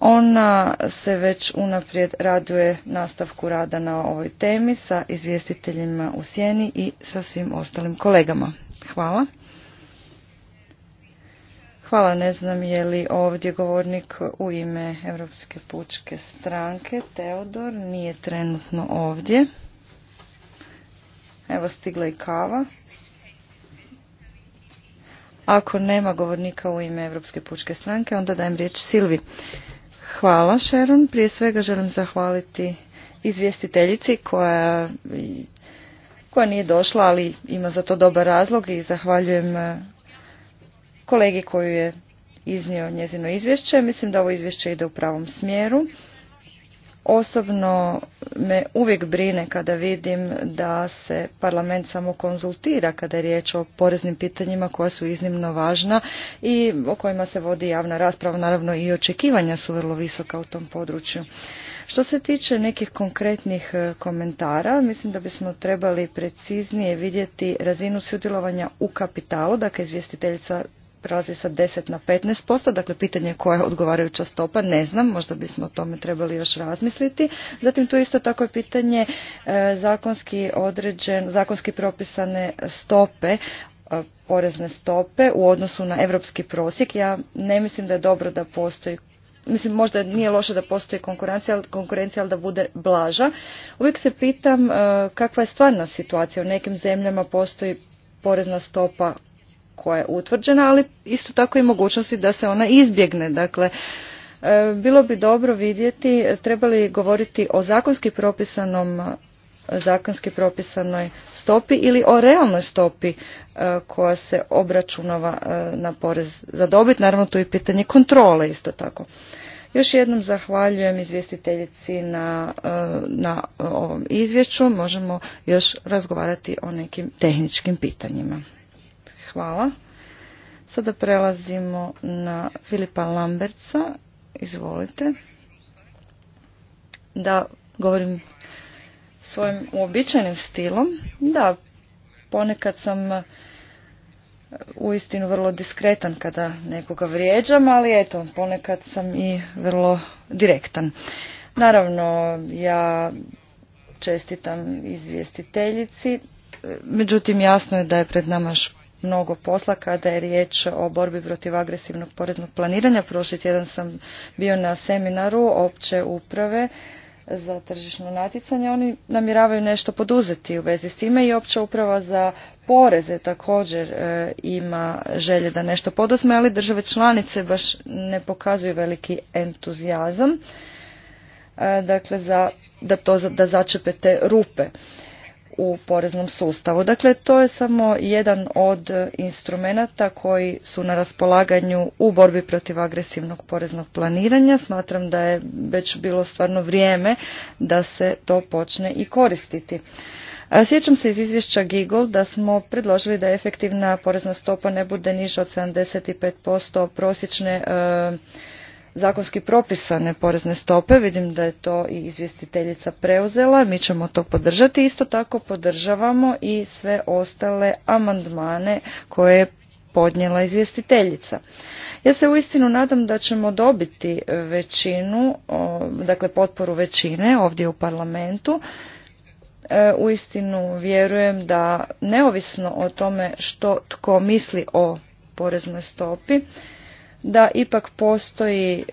Ona se već unaprijed raduje nastavku rada na ovoj temi sa izvjestiteljima u Sjeni i sa svim ostalim kolegama. Hvala. Hvala, ne znam je li ovdje govornik u ime Europske pučke stranke. Teodor nije trenutno ovdje. Evo stigla i kava. Ako nema govornika u ime Europske pučke stranke, onda dajem riječ Silvi. Hvala, Sharon. Prije svega želim zahvaliti izvjestiteljici koja, koja nije došla, ali ima za to dobar razlog i zahvaljujem kolegi koju je iznio njezino izvješće. Mislim da ovo izvješće ide u pravom smjeru. Osobno me uvijek brine kada vidim da se parlament samo konzultira kada je riječ o poreznim pitanjima koja su iznimno važna i o kojima se vodi javna rasprava. Naravno i očekivanja su vrlo visoka u tom području. Što se tiče nekih konkretnih e, komentara, mislim da bismo trebali preciznije vidjeti razinu sudjelovanja u kapitalu, dakle izvjestiteljica prelazi sa 10 na 15%, dakle pitanje koja je odgovarajuća stopa, ne znam, možda bismo o tome trebali još razmisliti. Zatim tu isto tako je pitanje e, zakonski određen, zakonski propisane stope e, porezne stope u odnosu na europski prosjek. Ja ne mislim da je dobro da postoji Mislim, možda nije loše da postoji konkurencija, ali, konkurencija, ali da bude blaža. Uvijek se pitam e, kakva je stvarna situacija. U nekim zemljama postoji porezna stopa koja je utvrđena, ali isto tako i mogućnosti da se ona izbjegne. Dakle, e, bilo bi dobro vidjeti trebali govoriti o zakonski propisanom zakonski propisanoj stopi ili o realnoj stopi e, koja se obračunava e, na porez za dobit. Naravno tu je pitanje kontrole isto tako. Još jednom zahvaljujem izvjestiteljici na, na ovom izvješću. Možemo još razgovarati o nekim tehničkim pitanjima. Hvala. Sada prelazimo na Filipa Lamberca. Izvolite. Da, govorim svojim uobičajenim stilom. Da, ponekad sam e, uistinu vrlo diskretan kada nekoga vrijeđam, ali eto, ponekad sam i vrlo direktan. Naravno, ja čestitam izvjestiteljici, e, međutim jasno je da je pred nama mnogo posla kada je riječ o borbi protiv agresivnog poreznog planiranja. Prošli tjedan sam bio na seminaru opće uprave za tržišno natjecanje. Oni namiravaju nešto poduzeti u vezi s time i opća uprava za poreze također e, ima želje da nešto poduzme, ali države članice baš ne pokazuju veliki entuzijazam e, dakle za, da, to, da začepe te rupe u poreznom sustavu. Dakle, to je samo jedan od instrumenata koji su na raspolaganju u borbi protiv agresivnog poreznog planiranja. Smatram da je već bilo stvarno vrijeme da se to počne i koristiti. Sjećam se iz izvješća Gigol da smo predložili da efektivna porezna stopa ne bude niža od 75% prosječne e, zakonski propisane porezne stope. Vidim da je to i izvjestiteljica preuzela. Mi ćemo to podržati. Isto tako podržavamo i sve ostale amandmane koje je podnijela izvjestiteljica. Ja se uistinu nadam da ćemo dobiti većinu, dakle potporu većine ovdje u parlamentu. E, uistinu vjerujem da neovisno o tome što tko misli o poreznoj stopi, da ipak postoji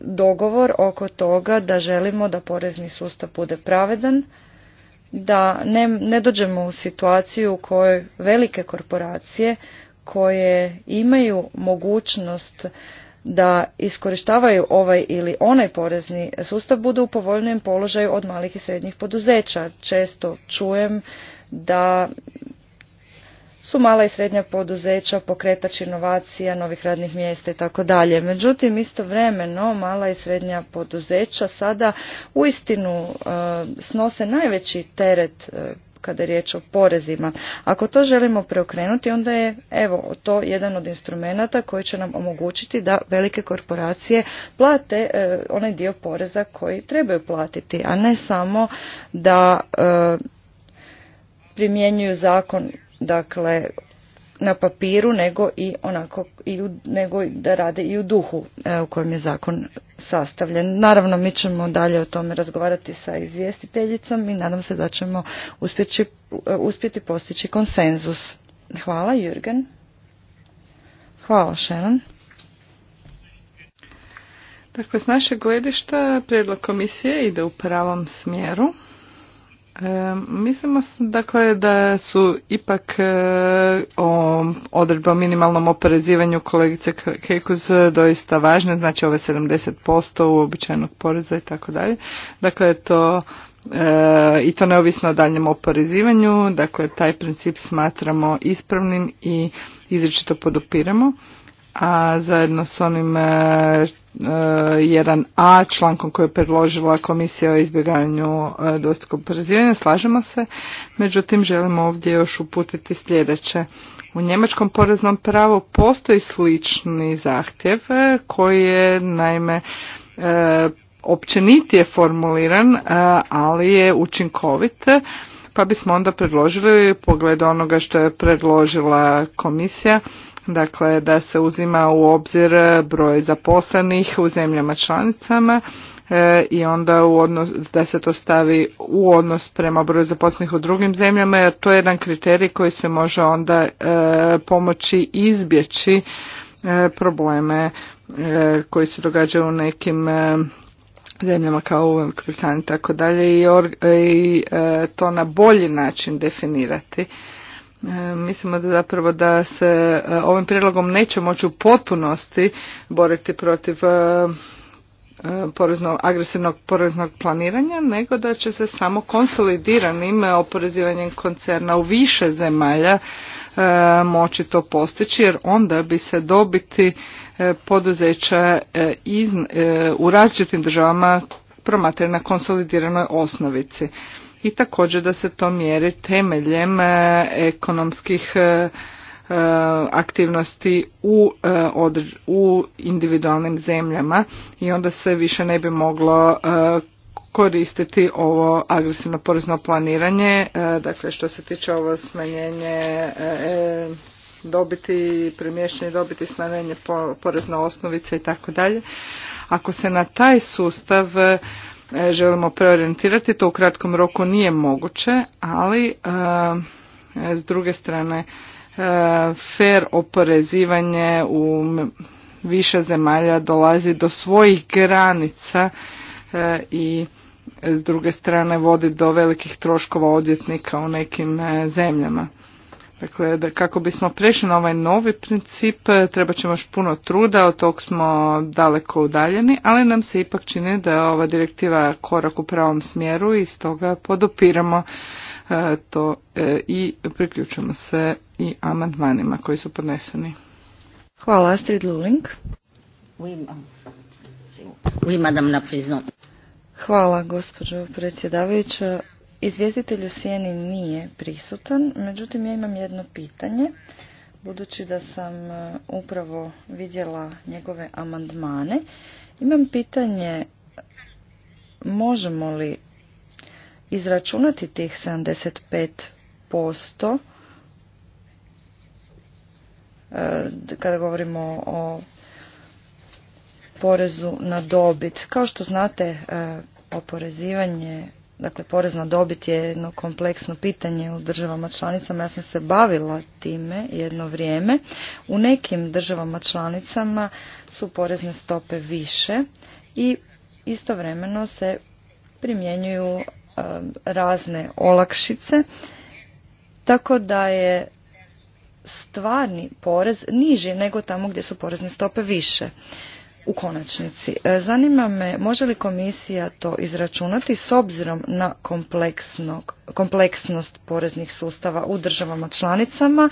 dogovor oko toga da želimo da porezni sustav bude pravedan, da ne, ne dođemo u situaciju u kojoj velike korporacije koje imaju mogućnost da iskorištavaju ovaj ili onaj porezni sustav budu u povoljnijem položaju od malih i srednjih poduzeća. Često čujem da su mala i srednja poduzeća, pokretač inovacija, novih radnih mjesta i tako dalje. Međutim, istovremeno mala i srednja poduzeća sada uistinu e, snose najveći teret e, kada je riječ o porezima. Ako to želimo preokrenuti, onda je evo to jedan od instrumenata koji će nam omogućiti da velike korporacije plate e, onaj dio poreza koji trebaju platiti, a ne samo da primjenjuju zakon dakle na papiru nego i onako i u, nego da rade i u duhu e, u kojem je zakon sastavljen. Naravno mi ćemo dalje o tome razgovarati sa izvjestiteljicom i nadam se da ćemo e, uspjeti postići konsenzus. Hvala Jürgen. Hvala Shannon. Dakle, s našeg gledišta prijedlog komisije ide u pravom smjeru. E, mislimo dakle da su ipak e, o, o minimalnom oporezivanju kolegice Kekuz e, doista važne, znači ove 70% uobičajenog poreza i tako dalje. Dakle, to e, i to neovisno o daljem oporezivanju, dakle taj princip smatramo ispravnim i izričito podupiramo, a zajedno s onim e, E, jedan a člankom koji je predložila komisija o izbjeganju e, dvostrukog oporezivanja slažemo se međutim želimo ovdje još uputiti sljedeće u njemačkom poreznom pravu postoji slični zahtjev e, koji je naime općenitije formuliran ali je učinkovit pa bismo onda predložili pogled onoga što je predložila komisija dakle da se uzima u obzir broj zaposlenih u zemljama članicama e, i onda u odnos, da se to stavi u odnos prema broju zaposlenih u drugim zemljama jer to je jedan kriterij koji se može onda e, pomoći izbjeći e, probleme koji se događaju u nekim zemljama kao u Velikoj Britaniji i tako dalje i to na bolji način definirati E, mislimo da zapravo da se e, ovim prijedlogom neće moći u potpunosti boriti protiv e, porezno, agresivnog poreznog planiranja, nego da će se samo konsolidiranim oporezivanjem koncerna u više zemalja moći to postići, jer onda bi se dobiti poduzeća iz, u različitim državama promatrali na konsolidiranoj osnovici i također da se to mjeri temeljem e, ekonomskih e, e, aktivnosti u, u individualnim zemljama i onda se više ne bi moglo koristiti ovo agresivno porezno planiranje, dakle što se tiče ovo smanjenje dobiti, premještanje dobiti, smanjenje porezne osnovice i tako dalje. Ako se na taj sustav E, želimo preorijentirati. To u kratkom roku nije moguće, ali e, s druge strane e, fer oporezivanje u više zemalja dolazi do svojih granica i s druge strane vodi do velikih troškova odvjetnika u nekim zemljama. Dakle, da kako bismo prešli na ovaj novi princip, e, treba ćemo još puno truda, od tog smo daleko udaljeni, ali nam se ipak čini da je ova direktiva korak u pravom smjeru i stoga podopiramo e, to e, i priključujemo se i amandmanima koji su podneseni. Hvala, Astrid Luling. Hvala, gospođo predsjedavajuća. Izvjestitelj u sjeni nije prisutan, međutim ja imam jedno pitanje. Budući da sam e, upravo vidjela njegove amandmane, imam pitanje možemo li izračunati tih 75% e, kada govorimo o porezu na dobit. Kao što znate, e, oporezivanje Dakle, porez na dobit je jedno kompleksno pitanje u državama članicama. Ja sam se bavila time jedno vrijeme. U nekim državama članicama su porezne stope više i istovremeno se primjenjuju um, razne olakšice, tako da je stvarni porez niži nego tamo gdje su porezne stope više u konačnici. E, zanima me, može li komisija to izračunati s obzirom na kompleksnost poreznih sustava u državama članicama?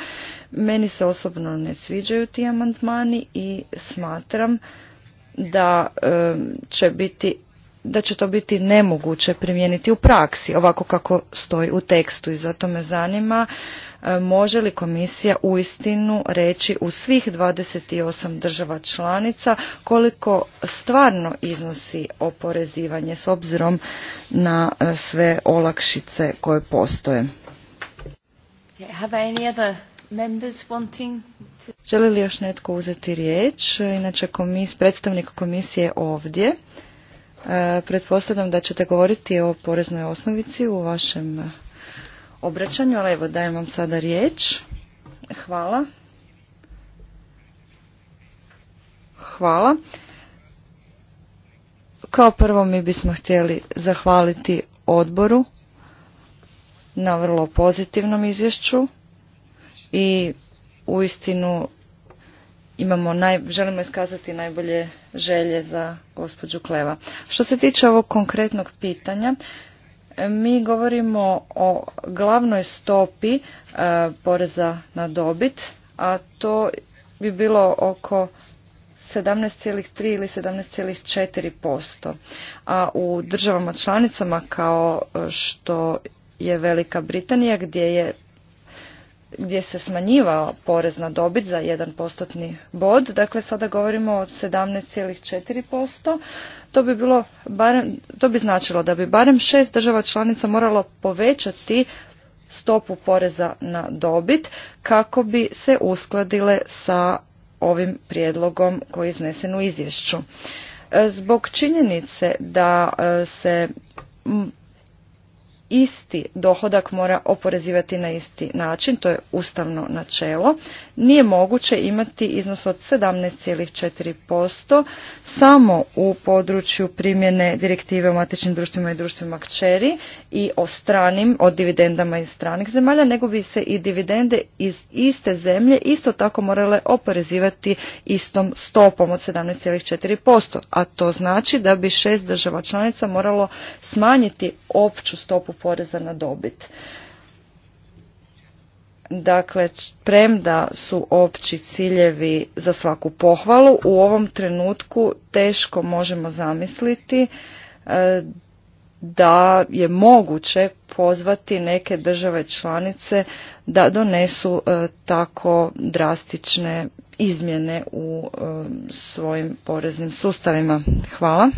Meni se osobno ne sviđaju ti amandmani i smatram da e, će biti da će to biti nemoguće primijeniti u praksi, ovako kako stoji u tekstu. I zato me zanima e, može li komisija uistinu reći u svih 28 država članica koliko stvarno iznosi oporezivanje s obzirom na e, sve olakšice koje postoje. Have any other Želi li još netko uzeti riječ? Inače predstavnik komisije ovdje. E, pretpostavljam da ćete govoriti o poreznoj osnovici u vašem obraćanju, ali evo dajem vam sada riječ. Hvala. Hvala. Kao prvo mi bismo htjeli zahvaliti odboru na vrlo pozitivnom izvješću i uistinu imamo naj, želimo iskazati najbolje želje za gospođu Kleva. Što se tiče ovog konkretnog pitanja, mi govorimo o glavnoj stopi e, poreza na dobit, a to bi bilo oko 17,3 ili 17,4%. A u državama članicama kao što je Velika Britanija gdje je gdje se smanjivao porez na dobit za 1 postotni bod, dakle sada govorimo o 17,4%, to bi, bilo barem, to bi značilo da bi barem šest država članica moralo povećati stopu poreza na dobit kako bi se uskladile sa ovim prijedlogom koji je iznesen u izvješću. E, zbog činjenice da e, se isti dohodak mora oporezivati na isti način, to je ustavno načelo. Nije moguće imati iznos od 17,4% samo u području primjene direktive o matičnim društvima i društvima kćeri i o stranim, o dividendama iz stranih zemalja, nego bi se i dividende iz iste zemlje isto tako morale oporezivati istom stopom od 17,4%, a to znači da bi šest država članica moralo smanjiti opću stopu poreza na dobit. Dakle, premda su opći ciljevi za svaku pohvalu, u ovom trenutku teško možemo zamisliti e, da je moguće pozvati neke države članice da donesu e, tako drastične izmjene u e, svojim poreznim sustavima. Hvala.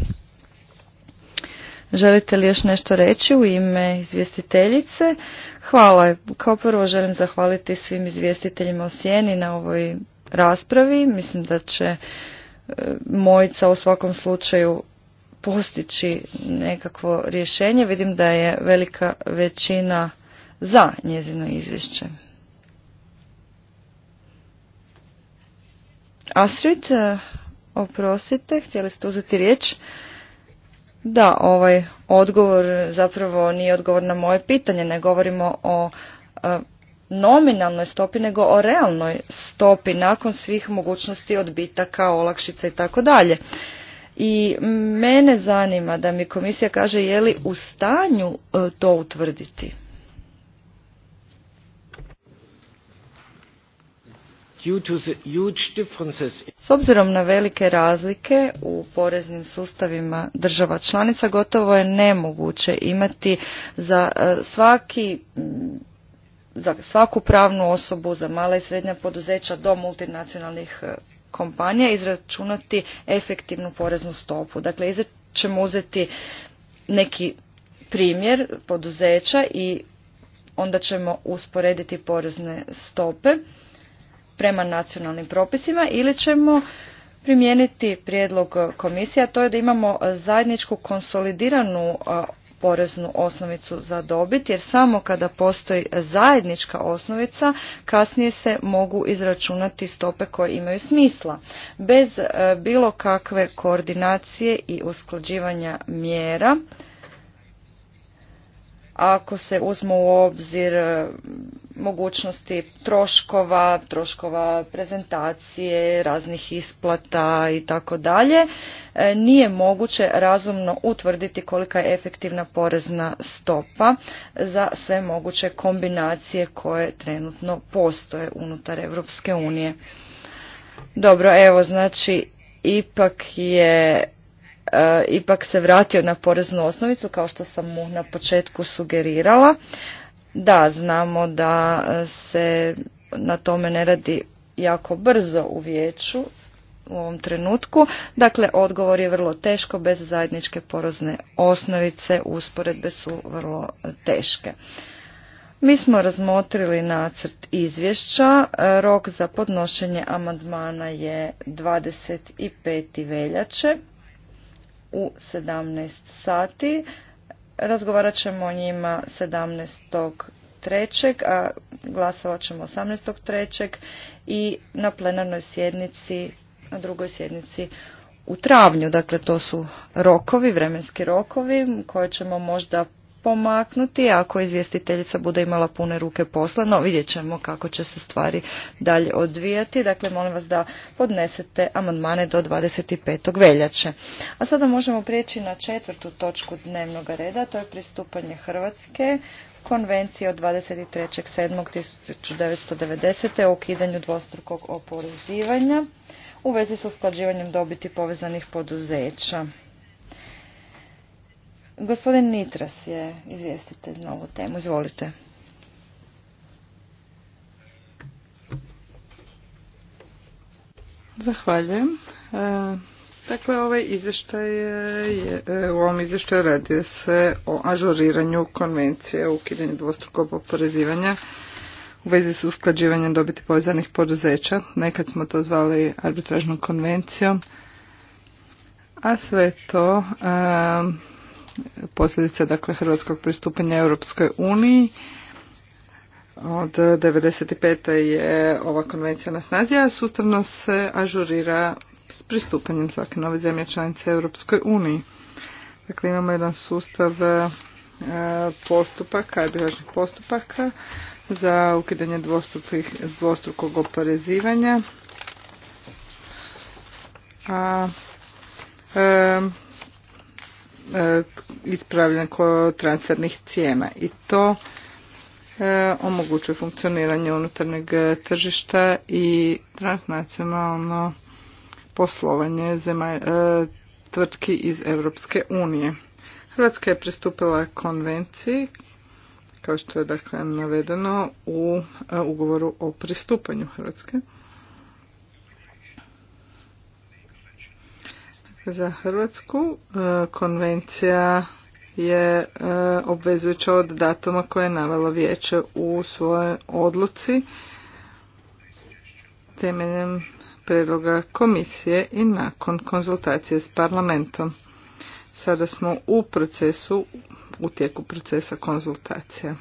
Želite li još nešto reći u ime izvjestiteljice? Hvala. Kao prvo želim zahvaliti svim izvjestiteljima u Sjeni na ovoj raspravi. Mislim da će e, Mojica u svakom slučaju postići nekakvo rješenje. Vidim da je velika većina za njezino izvješće. Astrid, e, oprostite, htjeli ste uzeti riječ? Da, ovaj odgovor zapravo nije odgovor na moje pitanje, ne govorimo o e, nominalnoj stopi, nego o realnoj stopi nakon svih mogućnosti odbitaka, olakšica i tako dalje. I mene zanima da mi komisija kaže je li u stanju e, to utvrditi. S obzirom na velike razlike u poreznim sustavima država članica gotovo je nemoguće imati za e, svaki mm, za svaku pravnu osobu, za mala i srednja poduzeća do multinacionalnih e, kompanija izračunati efektivnu poreznu stopu. Dakle, ćemo uzeti neki primjer poduzeća i onda ćemo usporediti porezne stope prema nacionalnim propisima ili ćemo primijeniti prijedlog komisije, a to je da imamo zajedničku konsolidiranu poreznu osnovicu za dobit, jer samo kada postoji zajednička osnovica, kasnije se mogu izračunati stope koje imaju smisla. Bez e, bilo kakve koordinacije i usklađivanja mjera, ako se uzmu u obzir e, mogućnosti troškova, troškova prezentacije, raznih isplata i tako dalje, e, nije moguće razumno utvrditi kolika je efektivna porezna stopa za sve moguće kombinacije koje trenutno postoje unutar Europske unije. Dobro, evo znači ipak je E, ipak se vratio na poreznu osnovicu kao što sam mu na početku sugerirala. Da, znamo da e, se na tome ne radi jako brzo u vijeću u ovom trenutku. Dakle, odgovor je vrlo teško, bez zajedničke porozne osnovice usporedbe su vrlo teške. Mi smo razmotrili nacrt izvješća. E, rok za podnošenje amandmana je 25. veljače u 17 sati. Razgovarat ćemo o njima 17.3. a glasovat ćemo 18.3. i na plenarnoj sjednici, na drugoj sjednici u travnju. Dakle, to su rokovi, vremenski rokovi koje ćemo možda pomaknuti ako izvjestiteljica bude imala pune ruke posla, no vidjet ćemo kako će se stvari dalje odvijati. Dakle, molim vas da podnesete amandmane do 25. veljače. A sada možemo prijeći na četvrtu točku dnevnog reda, to je pristupanje Hrvatske konvencije od 23.7.1990. o ukidanju dvostrukog oporezivanja u vezi sa usklađivanjem dobiti povezanih poduzeća. Gospodin Nitras je izvjestitelj na ovu temu. Izvolite. Zahvaljujem. E, dakle, ovaj izvještaj je, e, u ovom izvještaju radi se o ažuriranju konvencije o ukidanju dvostrukog oporezivanja u vezi s usklađivanjem dobiti povezanih poduzeća. Nekad smo to zvali arbitražnom konvencijom, a sve to e, posljedice dakle hrvatskog pristupanja Europskoj uniji. Od 95. je ova konvencija na snazi, a sustavno se ažurira s pristupanjem svake nove zemlje članice Europskoj uniji. Dakle, imamo jedan sustav e, postupaka, arbitražnih postupaka za ukidanje dvostrukog oporezivanja. A, e, E, Ispravljanje kod transfernih cijena i to e, omogućuje funkcioniranje unutarnjeg tržišta i transnacionalno poslovanje e, tvrtki iz Europske unije. Hrvatska je pristupila konvenciji kao što je dakle navedeno u ugovoru o pristupanju Hrvatske. za Hrvatsku. E, konvencija je e, obvezujuća od datuma koje je navelo vijeće u svojoj odluci temeljem predloga komisije i nakon konzultacije s parlamentom. Sada smo u procesu, u tijeku procesa konzultacija.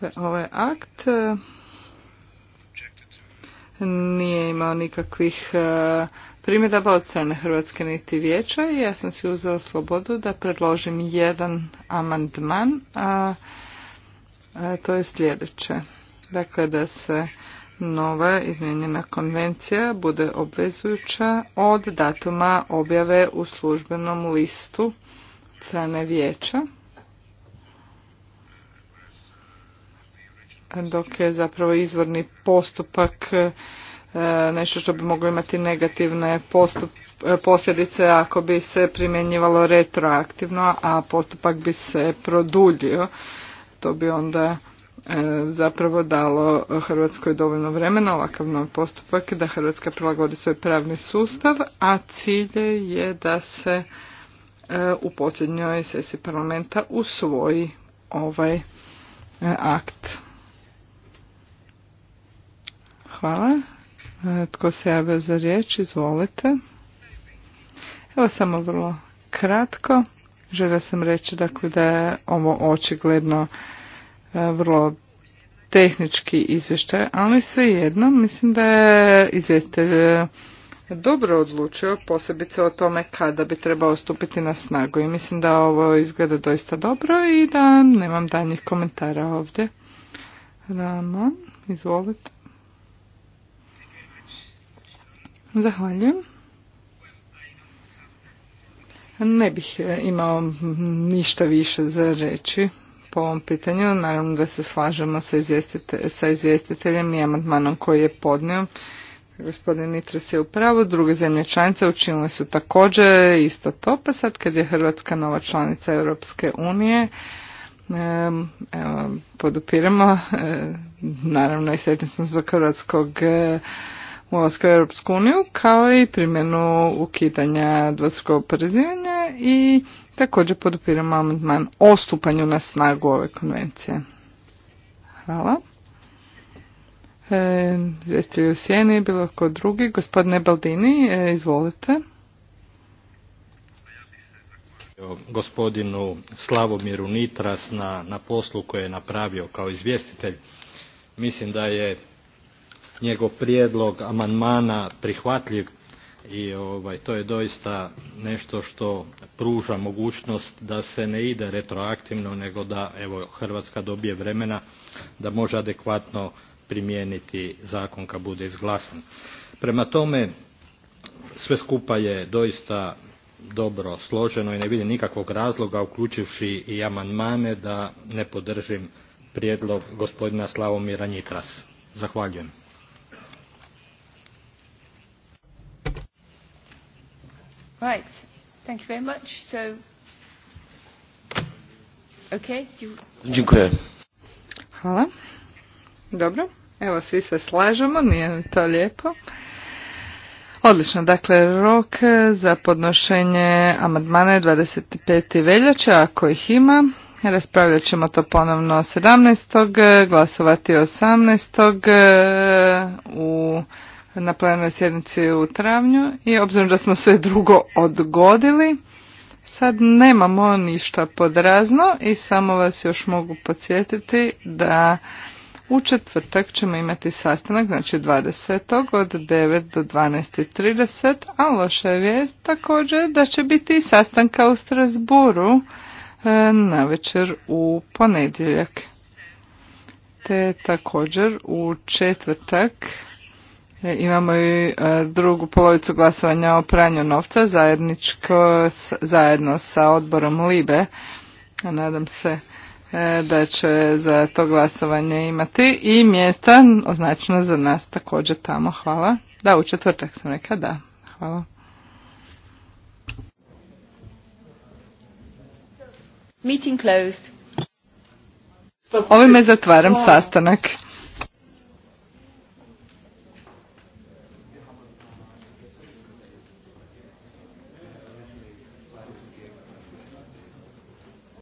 Dakle, ovaj akt e, nije imao nikakvih primjedaba od strane Hrvatske niti vijeća i ja sam si uzela slobodu da predložim jedan amandman, a, a to je sljedeće. Dakle, da se nova izmijenjena konvencija bude obvezujuća od datuma objave u službenom listu strane vijeća. Dok je zapravo izvorni postupak E, nešto što bi moglo imati negativne e, posljedice ako bi se primjenjivalo retroaktivno, a postupak bi se produljio. To bi onda e, zapravo dalo Hrvatskoj dovoljno vremena, ovakav novi postupak, da Hrvatska prilagodi svoj pravni sustav, a cilj je da se u posljednjoj sesiji parlamenta usvoji ovaj akt. Hvala. Tko se javio za riječ? Izvolite. Evo samo vrlo kratko. Žele sam reći dakle, da je ovo očigledno e, vrlo tehnički izvještaj, ali svejedno mislim da je izvjestitelj e, dobro odlučio, posebice o tome kada bi trebao stupiti na snagu i mislim da ovo izgleda doista dobro i da nemam danjih komentara ovdje. Ramon, izvolite. Zahvaljujem. Ne bih e, imao ništa više za reći po ovom pitanju. Naravno da se slažemo sa, izvjestiteljem i amandmanom koji je podnio. Gospodin Nitras je u druge zemlje članice učinile su također isto to, pa sad kad je Hrvatska nova članica Europske unije, evo, podupiramo, e, naravno i sretni smo zbog hrvatskog e, ulaska u Europsku uniju, kao i primjenu ukidanja dvostrukog oporezivanja i također podupiramo amandman o stupanju na snagu ove konvencije. Hvala. E, Zvijestili u sjeni, bilo ko drugi. Gospodine Baldini, e, izvolite. Gospodinu Slavomiru Nitras na, na poslu koje je napravio kao izvjestitelj. Mislim da je njegov prijedlog amandmana prihvatljiv i ovaj, to je doista nešto što pruža mogućnost da se ne ide retroaktivno nego da evo Hrvatska dobije vremena da može adekvatno primijeniti zakon kad bude izglasan. Prema tome sve skupa je doista dobro složeno i ne vidim nikakvog razloga uključivši i amandmane da ne podržim prijedlog gospodina Slavomira Nitras. Zahvaljujem. Right. Thank you very much. So, okay. You... Dziękuję. Hvala. Dobro. Evo, svi se slažemo, nije to lijepo. Odlično, dakle, rok za podnošenje amadmana je 25. veljače, ako ih ima. Raspravljat ćemo to ponovno 17. glasovati 18. u na plenarnoj sjednici u travnju i obzirom da smo sve drugo odgodili, sad nemamo ništa podrazno i samo vas još mogu podsjetiti da u četvrtak ćemo imati sastanak, znači 20. od 9 do 12.30, a loša je vijest također da će biti sastanka u Strasburu e, na večer u ponedjeljak. Te također u četvrtak E, imamo i e, drugu polovicu glasovanja o pranju novca zajedničko, zajedno sa odborom LIBE. E, nadam se da će za to glasovanje imati i mjesta označeno za nas također tamo. Hvala. Da, u četvrtak sam rekao. da. Hvala. Ovime zatvaram sastanak.